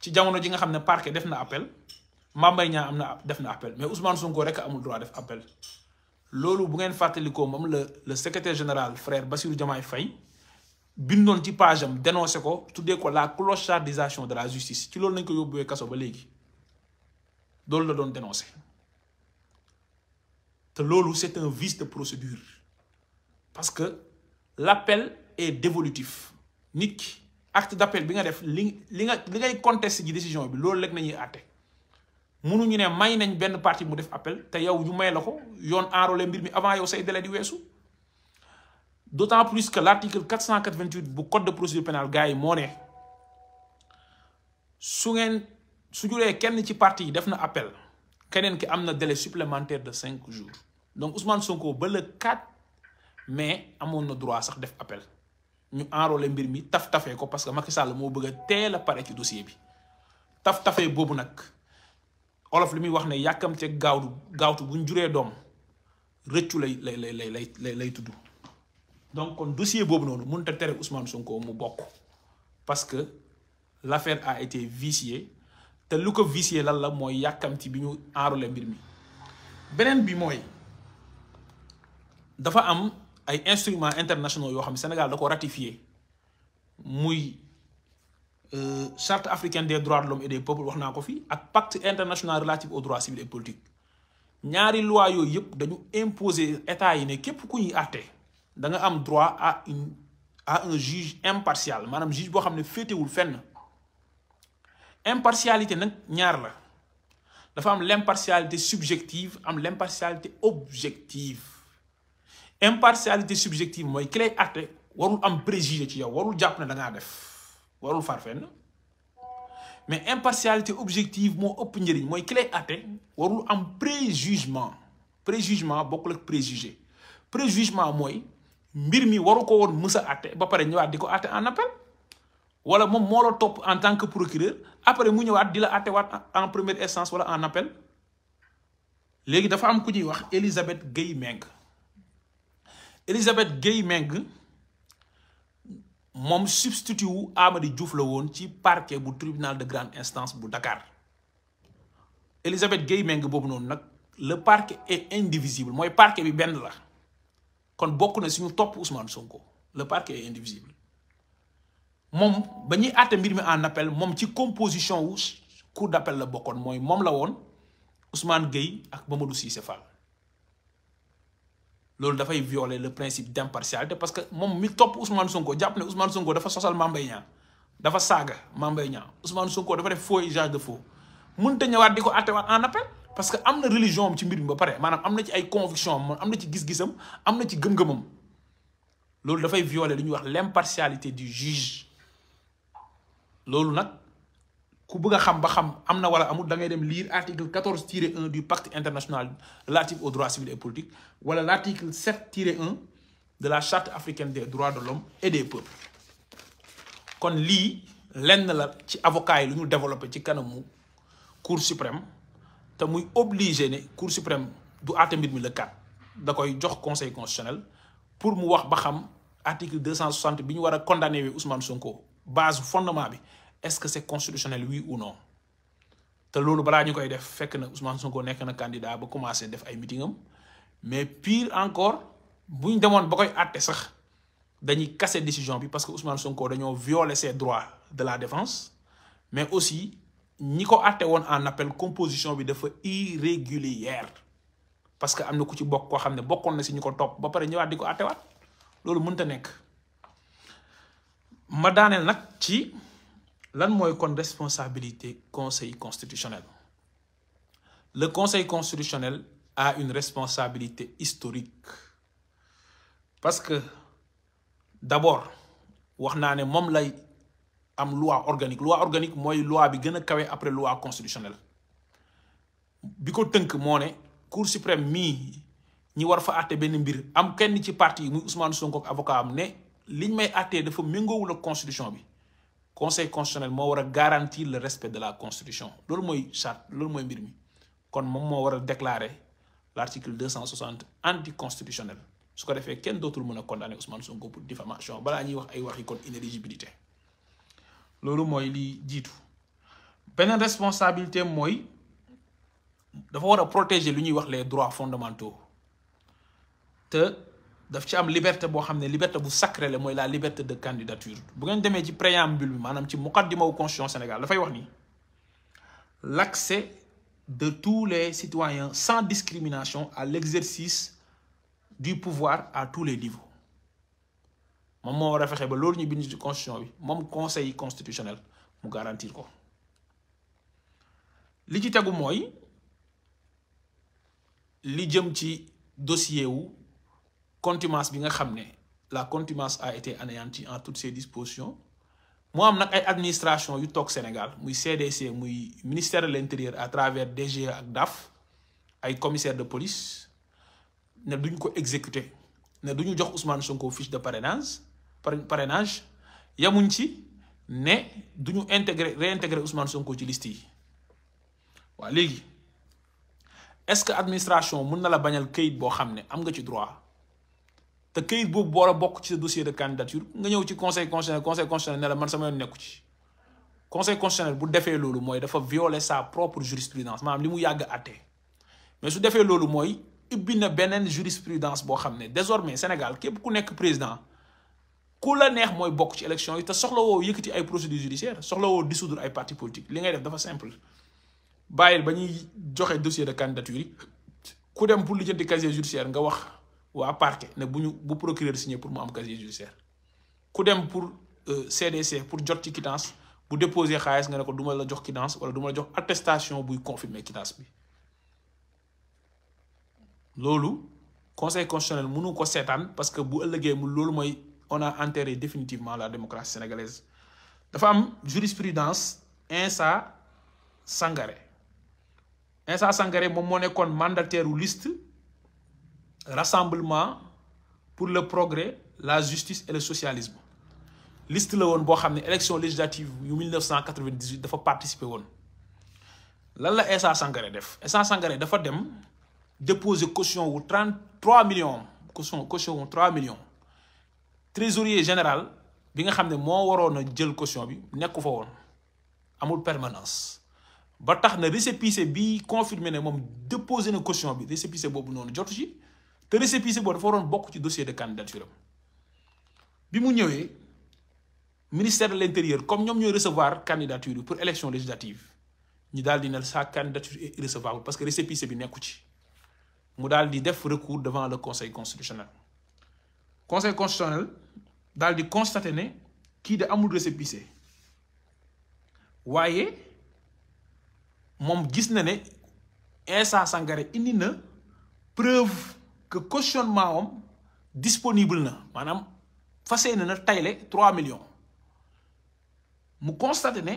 ci jamono ji nga xam ne parquet def na appel Mame Mbaye am na def na appel mais Ousmane Sonko rek amul droit def appel loolu bu ngeen fàttalikoo moom la le secretaire général frère Bassirou Diomaye Faye bindoon ci page am dénoncé ko tuddee ko la clochardisation de la justice ci loolu nañ ko yóbbuwee kaso ba léegi la doon dénoncé te loolu c'est un vice de procédure parce que l'appel est dévolutif nit ki acte d'appel bi nga def li li nga li ngay conteste ji décision bi loolu rek nañuy àtte mënuñu ne may nañ benn parti mu def appel te yow ñu may la ko yoon enrôlé mbir mi avant yow say délai di weesu d'autant plus que l'article 488 bu code de procédure pénale gars yi moo ne su ngeen su juree kenn ci parti yi def na appel keneen ki am na dele supplémentaire de cinq jours donc Ousmane Sonko ba le mais amoon na droit sax def appel ñu enrôler mbir mi taf tafee ko parce que Macky Sall moo bëgg a teel a pare ci dossier bi taf tafee boobu nag olof li muy wax ne yàkkamte gaawtu gaawtu buñ juree doom rëccu lay lay lay lay lay tudd donc kon dossier boobu noonu mun a tere Ousmane Sonko mu bokk parce que l'affaire a été viciée lu ko visier lan la mooy yàkkamti bi ñu enrôlé mbir mi beneen bi mooy dafa am ay instruments internationaux yoo xam ne Sénégal da ko ratifié muy euh, charte africaine des de l'homme et des peuples wax naa ko fi ak pacte international relatif aux droits civils et politiques ñaari loi yooyu yëpp dañu imposer état yi ne képp ku ñuy àtte da nga am droit à une à un juge impartial maanaam juge boo xam ne féetewul fenn impartialité nag ñaar la dafa am l'impartialité subjective am l'impartialité objective impartialité subjective mooy ki lay àtte warul am préjugé ci yow warul jàpp ne dangaa def warul far fenn mais impartialité objective moo ëpp njëriñ mooy ki lay àtte warul am préjugement préjugement bokkul ak préjugé préjugement mooy mbir mi waru ko woon mës a àtte ba pare ñëwaat di ko àtte en appel wala moom moo la topp en tant que procureur après mu ñëwaat di la àttewaat en première instance wala en appel léegi dafa am ku ñuy wax Elisabeth gay Meng Elisabeth Guèye Meng moom substitut wu amadi Diouf la woon ci parquet bu tribunal de grande instance bu Dakar Elisabeth Guèye Meng boobu noonu nag le parke et indivisible mooy parquet bi benn la kon bokk na suñu topp Ousmane ko le parquet est indivisible. moom ba ñuy àtte mbir mi en appel moom ci composition wu cour d'appel la bokkoon mooy moom la woon Ousmane Gueye ak Mamadou Cissé Fall loolu dafay violer le principe d'impartialité parce que moom mi topp Ousmane Sonko jàpp ne Ousmane Sonko dafa sosal Mame Mbaye Niang dafa saaga Mame Mbaye Niang Ousmane dafa def faux usage de faux mënta ñëwaat di ko àttewaat en appel parce que am na religion am ci mbir mi ba pare maanaam am na ci ay conviction am am na ci gis-gisam am na ci gëm-gëmam loolu dafay violer li ñuy wax l'impartialité du juge loolu nag ku bëgg a xam ba xam am na wala amul dangay dem lire article 14 tiré 1 du pacte international relatif aux droits civils et politiques wala l'article 7 tiré 1 de la charte africaine des droits de l'homme et des peuples kon lii lenn la ci avocat yi lu ñu développé ci kanamu cour suprême te muy obligé ne cour suprême du àtte mbir mi le 4 da koy jox conseil constitutionnel pour mu wax ba xam article 260 bi ñu war a condamné wi Ousmane Sonko base fondement bi est-ce que c'est constitutionnel oui ou non te loolu balaa ñu koy def fekk na Ousmane Sonko nekk na candidat ba commencé def ay meeting am mais pire encore bu ñu demoon ba koy àtte sax dañuy kase décision bi parce que Ousmane Sonko dañoo viole ses droits de la defence mais aussi ñi ko àtte woon en appel composition bi dafa irrégulière parce que am na ku ci bokk koo xam ne bokkoon na si ñu ko topp ba pare ñëwaat di ko àttewaat loolu mënta nekk. ma daaneel nag ci lan mooy kon responsabilité conseil constitutionnel le conseil constitutionnel a une responsabilité historique parce que d'abord wax naa ne moom lay am loi organique loi organique mooy loi bi gën a kawe après loi constitutionnelle bi ko tënk moo ne cour suprême mii ñi war fa àtte benn mbir am kenn ci parti yi muy Ousmane Sonko ak am ne liñ may àttee dafa méngoowul ak constitution bi conseil constitutionnel moo war a garantir le respect de la constitution loolu mooy charte loolu mooy mbir mi kon moom moo war a déclarer la article deux cent soixante anticonstitutionnel su ko defee kenn dootul mën a condamner Ousmane Sonko pour diffamation balaa ñuy wax ay waxi kon inéligibilité loolu mooy lii jiitu beneen responsabilité mooy dafa war a protéger lu ñuy wax les droits fondamentaux te daf ci am liberté boo xam ne liberté bu sacré la mooy la liberté de candidature bu ngeen demee ci préambule bi maanaam ci muqaddima wu constitution Sénégal dafay wax ni l'accès de tous les citoyens sans discrimination à l'exercice du pouvoir à tous les niveaux moom moo war a fexe ba loolu ñu bind ci constitution bi moom conseil constitutionnel mu garantir ko li ci tegu mooy li jëm ci dossier wu contumace bi nga xam ne la contumace a été anéantie en toutes ses dispositions moo am nag ay administration yu toog Sénégal muy CDC muy ministère de l'intérieur à travers DG e ak DAF ay commissaire de police ne duñ ko exécuter ne duñu jox Ousmane Sonko fiche de parrainage parrainage yamuñ ci ne duñu intégrer réintégrer Ousmane Sonko ci liste yi waa léegi est-ce que administration mun na la bañal kayit boo xam ne am nga ci droit te këyit boobu boo war bokk ci sa dossier de candidature nga ñëw ci conseil constitutionnel conseil constitutionnel ne la man sama yoon nekku ci conseil constitutionnel bu defee loolu mooy dafa violer sa propre jurisprudence maanaam li mu yàgg atte mais su defee loolu mooy ubbi na beneen jurisprudence boo xam ne désormais Sénégal képp ku nekk président ku la neex mooy bokk ci élection yi te soxla woo yëkkati ay procédures judiciaires soxla woo dissoudre ay parti politique li ngay def dafa simple bàyyil ba ñuy joxe dossier de candidature yi ku dem pour lijjanti casier judiciaire nga wax waa parquet ne bu ñu bu procureur signé pour mu am casier judiciaire ku dem pour CDC euh, pour jot ci quittance bu déposé xaalis nga ne ko duma la jox quittance wala duma la jox attestation buy confirmer quittance bi loolu conseil constitutionnel mënu ko seetaan parce que bu ëllëgee mu loolu mooy on a enterré définitivement la démocratie sénégalaise dafa am jurisprudence Insa Sangaré Insa Sangaré moom moo nekkoon mandataire list rassemblement pour le progrès la justice et le socialisme liste la woon boo xam ne élection législative yu 1998 dafa participer woon lan la Essa Sangaré def Essa Sangaré dafa dem déposer caution wu trent 33 millions caution caution wu 3 millions trésorier général bi nga xam ne moo waroon a jël caution bi nekku fa woon amul permanence ba tax na récépissé bi confirmé ne moom déposé na caution bi récépissé boobu noonu jotu ci te récépissé boobu dafa waroon bokk ci dossier de candidature am bi mu ñëwee ministère de l' intérieur comme ñoom ñooy recevoir candidature yi pour élection législative ñu daal ne sa candidature est irrecevable parce que récépissé bi nekku ci mu daal di def recours devant le conseil constitutionnel conseil constitutionnel daal di constaté ne kii de amul récépissé waaye moom gis na ne Insa Sangaré indi na preuve. que cautionnement am disponible na maanaam fas yéene na tayle trois millions mu constaté ne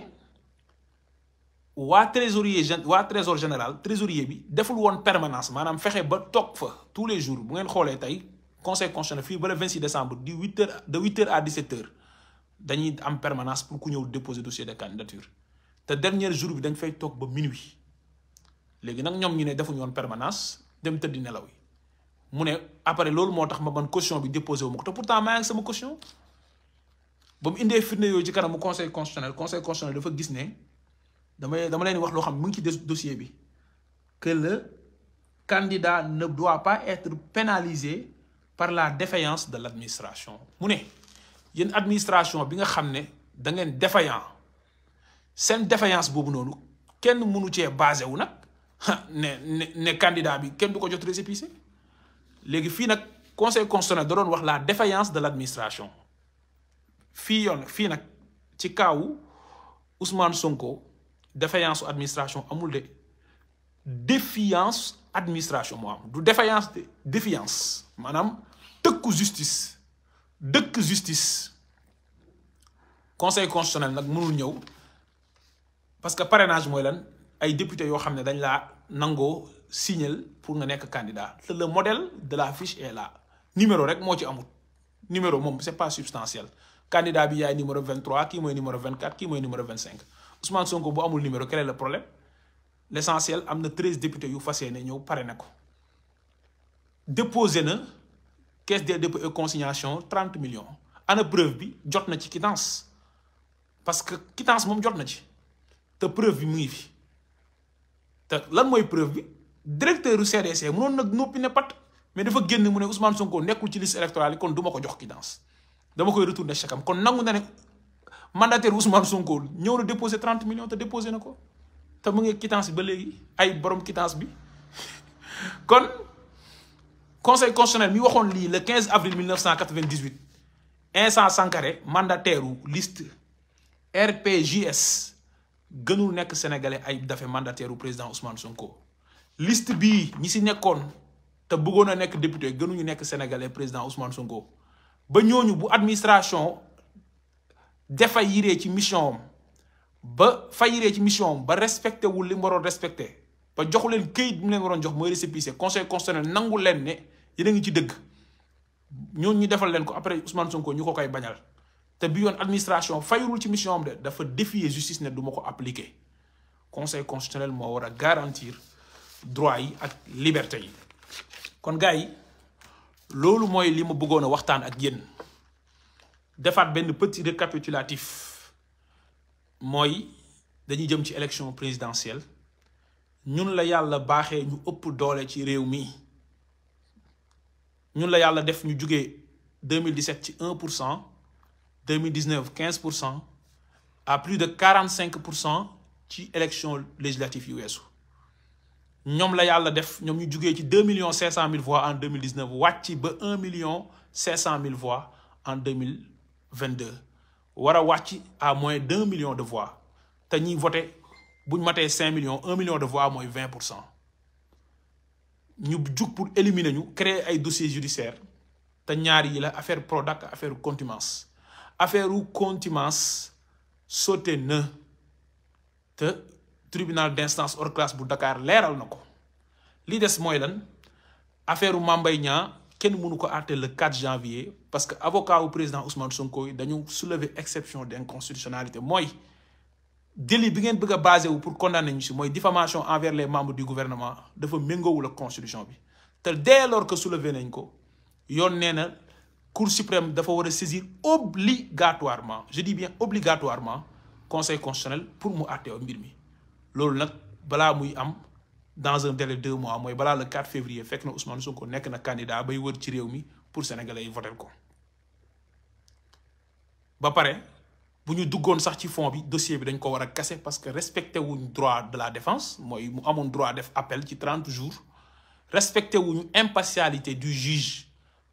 waa trésorier gen waa trésor général trésorier bi deful woon permanence maanaam fexe ba toog fa tous les jours bu ngeen xoolee tey conseil constitutionnel fii ba le 26 décembre di huit heures de huit heures à 17 heures dañuy am permanence pour ku ñëw déposer dossier de candidature te dernier jour bi dañ fay toog ba minuit léegi nag ñoom ñu ne defuñu woon permanence dem tëddi nelaw yi mu ne après loolu moo tax ma man caution bi déposé wu ma ko te pourtant maa ngi mu indee firnde ci kanamu conseil constitutionnel conseil dafa gis ne damay dama leen wax loo xam mu ngi ci dossier bi que le candidat ne doit pas être pénalisé par la défaillance de l'administration mu ne yéen administration bi nga xam ne da ngeen défaillant seen défaillance boobu noonu kenn munu cee basé wu nag ne ne ne bi kenn du ko jot récépissé léegi fii nag conseil constitutionnel da doon wax la défaillance de l' administration fii yoon fii nag ci kaawu Ousmane Sonko défaillance administration amul de défiance administration moo am du défaillance de défiance maanaam tëkku justice dëkk justice conseil constitutionnel nag mënul ñëw parce que parrainage mooy lan ay député yoo xam ne dañ laa nangoo signal pour nga nekk candidat te le modèle de la fiche et la numéro rek moo ci amul numéro moom c'est pas substantiel candidat bi yaay numéro 23 kii mooy numéro 24 kii mooy numéro 25 Ousmane Sonko bu amul numéro quel est le problème am na 13 députés yu fas yéene ñëw pare na ko déposé na caisse de dépôts et consignation 30 millions ana preuve bi jot na ci quittance parce que quittance moom jot na ci te preuve bi mu fi te lan mooy preuve bi. directeur u CDC munoon nag noppi ne pat mais dafa génn mu ne Ousmane Sonko nekkul ci liste électorale yi kon du ma ko jox quittance dama koy retour chèque am kon nangu na ne mandataire Ousmane Sonko ñëw na déposé 30 millions te déposé na ko te mu ngi quittance ba léegi ay borom quittance bi kon conseil constitutionnel mi waxoon lii le 15 avril 1998 Vincent Sankaré mandataire list RPJS gënul nekk sénégalais ay dafe mandateer u président Ousmane Sonko. liste bii ñi si nekkoon te bëggoon a nekk député gënuñu nekk sénégalais président Ousmane Sonko ba ñooñu bu administration defa yiree ci mission am ba fayiree ci mission am ba respecté wul li mu waroon respecté ba joxu leen këyit bi mu leen waroon jox mooy récépissé conseil constitutionnel nangu leen ne yéen ngi ci dëgg ñooñu ñu defal leen ko après usman Sonko ñu ko koy bañal te bi yoon administration fayirul ci mission am de dafa défier justice ne duma ko appliqué conseil constitutionnel moo war a garantir. droit yi ak liberté yi kon gars yi loolu mooy li ma bëggoon a waxtaan ak yéen defaat benn petit récapitulatif mooy dañuy jëm ci élection présidentielle ñun la yàlla baaxe ñu ëpp doole ci réew mi ñun la yàlla def ñu jugee 2017 ci un pour cent 2019 15 pour cent à plus de 45 pour cent ci élection législative yu weesu. ñoom la yàlla def ñoom ñu jugee ci deux millions cinq cent mille voix en deux mille dix ba un million cinq cent mille voix en deux mille vingt deux war a wàcc à moins d' million de voix te ñiy voté bu ñu matee cinq million un million de voix mooy vingt pour cent ñu jug pour éliminer ñu créer ay dossiers judiciaires te ñaar yi la affaire Prodac affaire contumace affaire u contumace sauté na te. tribunal d'instance hors classe bu dakaar leeral na ko li des mooy lan affaire Mame Mbaye Niang kenn mënu ko àtte le 4 janvier parce que avocat wu président Ousmane Sonko yi dañu soulever exception d'inconstitutionnalité mooy délit bi ngeen bëgg a basé wu pour condamner nañu si mooy diffamation envers les membres du gouvernement dafa méngoowul ak constitution bi te dès lors que soulever nañ ko yoon nee na cour suprême dafa war a saisir obligatoirement je dis bien obligatoirement conseil constitutionnel pour mu àtte mbir mi. loolu nag balaa muy am dans un délai de deux mois mooy balaa le 4 février fekk na Ousmane ko nekk na candidat bay wër ci réew mi pour sénégalais yi votel ko ba pare bu ñu duggoon sax ci fond bi dossier bi dañ ko war a kase parce que respecté wuñ droit de la défense mooy mu amoon droit def appel ci trente jours respecté wuñu impartialité du juge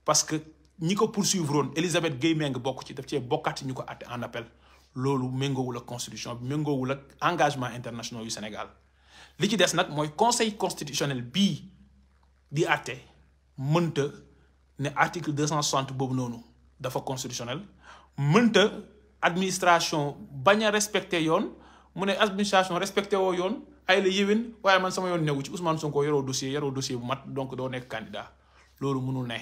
parce que ñi ko poursuivroon Elisabeth Gueye ngi bokk ci def cee bokkat bokkaat ñu ko àtte en appel loolu méngoowul ak constitution bi méngoowul ak engagement internationaux yu Sénégal li ci des nag mooy conseil constitutionnel bii di àtte mënta ne article deux cent soixante boobu noonu dafa constitutionnel mënta administration bañ a yoon mu ne administration respecté woo yoon ay la waaye man sama yoon newu ci Ousmane Sonko yoroo dossier yoroo dossier bu mat donc doo nekk candidat loolu mënul ne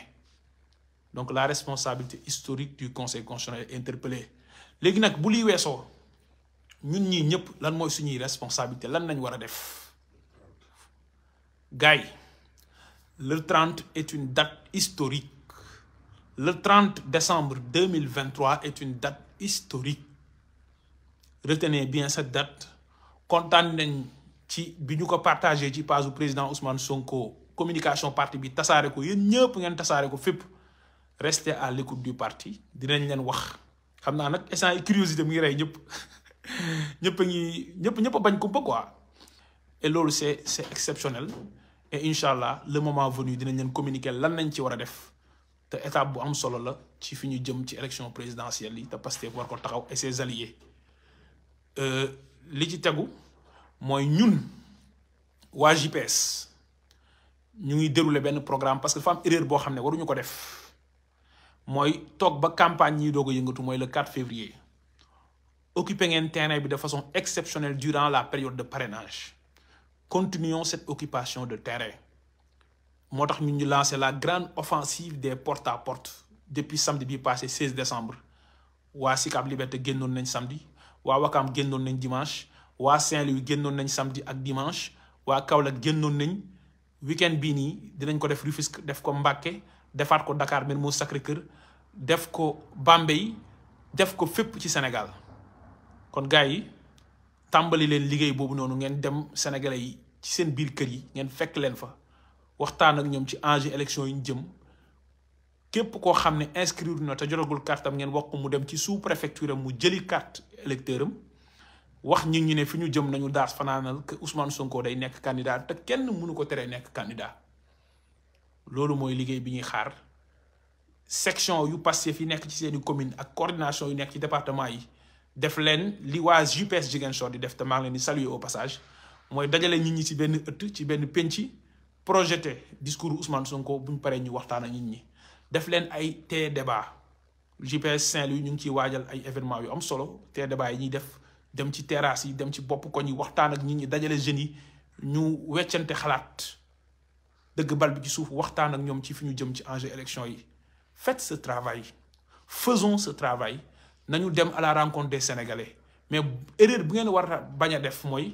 donc la responsabilité historique du conseil constitutionnel est léegi nag bu lii weesoo ñun ñii ñëpp lan mooy suñuy responsabilité lan lañ war a def gars yi le 30 est une date historique le 30 décembre 2023 est une date historique retenez bien cette date kontaan nañ ci bi ñu ko partagé ci page président Ousmane Sonko communication parti bi tasaare ko yéen ñëpp ngeen tasaare ko fépp restez à l'écoute du partie dinañ leen wax. xam naa nag instant yi curiosité mu ngi rey ñëpp ñëpp a ñëpp ñëpp a bañ ko ba quoi et loolu c'est c'est exceptionnel et incha allah le moment venu dina leen communiquer lan nañ ci war a def te état bu am solo la ci fi ñu jëm ci élection présidentielle yi te Pastef war ko taxaw et ses alliés euh, li ci tegu mooy ñun waa JPS ñu ngi dérouler benn programme parce que dafa am boo xam ne waruñu ko def mooy toog ba campagne ñiy doog a yëngatu mooy le 4 février occupé ngeen terrain bi de façon exceptionnelle durant la période de parrainage continuon cette occupation de terrain moo tax ñu ñu lancé la grande offensive des porte à porte depuis samedi bi passé 16 décembre waa Sicap Liberté génnoon nañ samedi waa Wakaam génnoon nañ dimanche waa Saint-Louis génnoon nañ samedi ak dimanche waa Kaolack génnoon nañ weekend bii nii dinañ ko def Rufisque def ko Mbacké defaat ko Dakar Mermoz Sacré-Cœur def ko Bambey def ko fépp ci Sénégal kon gars yi tàmbali leen liggéey boobu noonu ngeen dem sénégalais yi ci seen biir kër yi ngeen fekk leen fa waxtaan ak ñoom ci enjeu élection yi ñu jëm képp koo xam ne inscrire na te jotagul carte ngeen wax ko mu dem ci sous préfecture mu jëli carte électeur am wax ñi ñu ne fi ñu jëm nañu daas fanaanal que Ousmane Sonko day nekk candidat te kenn mënu ko teree nekk candidat loolu mooy liggéey bi ñuy xaar. section yu Pastef yi nekk ci seeni commune ak coordination yu nekk ci département yi def leen li waa JPS Ziguinchor di def te maa ngi leen di saluer au passage mooy dajale nit ñi ci benn ëtt ci benn penc projeté discours Ousmane Sonko bu ñu paree ñu waxtaan ak nit ñi def leen ay té débat JPS saint ñu ngi ciy waajal ay événement yu am solo té débat yi ñuy def dem ci terrasse yi dem ci bopp koñ yi waxtaan ak nit ñi dajale jeunes yi ñu weccante xalaat dëgg bal bi ci suuf waxtaan ak ñoom ci fi ñu jëm ci enjeu yi. faites ce travail faisons ce travail nañu dem à la rencontre des sénégalais mais erreur bu ngeen war a bañ a def mooy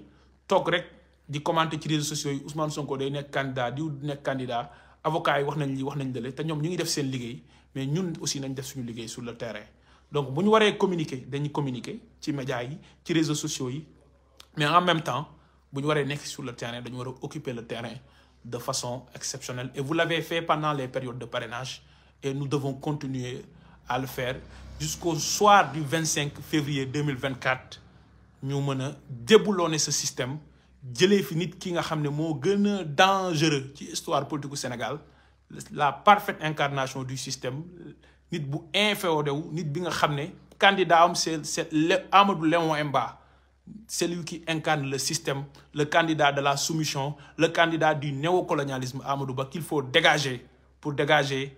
toog rek di commenter ci réseaux sociaux yi Ousmane Sonko day nekk candidat diw nekk candidat avocats yi wax nañ li wax nañ lële te ñoom ñu ngi def seen liggéey mais ñun aussi nañ def suñu liggéey sur le terrain donc bu ñu waree communiquer dañuy communiquer ci médias yi ci réseaux sociaux yi mais en même temps bu ñu waree nekk sur le terrain dañu war a occuper le terrain façon exceptionnelle et vous les périodes de parrainage et nous devons continuer à le faire jusqu'au soir du 25 février 2024 ñu mën a déboulonner sa système jëlee fi nit ki nga xam ne moo gën a dangereux ci histoire politique u Sénégal la parfaite incarnation du système nit bu inféodé nit bi nga xam ne candidat am c'est c'est Amadou Léon Mba celui qui incarne le système le candidat de la soumission le candidat du néocolonialisme Amadou Ba qu'il faut dégager pour dégager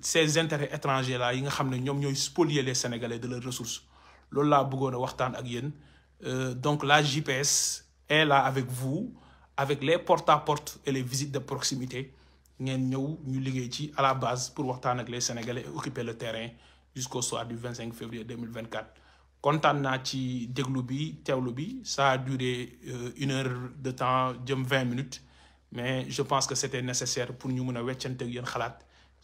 ces intérêts étrangers là yi nga xam ne ñoom ñooy spolier les sénégalais de leurs ressources loolu laa bëggoon a waxtaan ak yéen euh, donc la gps est là avec vous avec les porte à porte et les visites de proximité ngeen ñëw ñu liggéey ci à la base pour waxtaan ak les sénégalais et occuper le terrain jusqu'au soir du 25 février 2024 kontaan naa ci déglu bi teewlu bi saa a duré euh, une heure de temps jëm 20 minutes mais je pense que c'était nécessaire pour ñu mun a weccante yéen xalaat.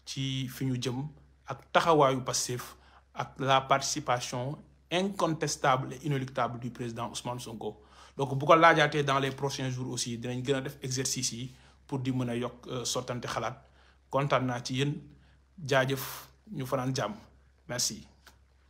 ci fi ñu jëm ak taxawaayu Pastef ak la participation incontestable et inéluctable du président Ousmane Sonko donc bu ko laajaatee dans les prochains jours aussi dinañ gën a def exercice yi pour di mën a yokk euh, sottante xalaat kontaan naa ci yéen jaajëf ñu fanaan jàmm merci.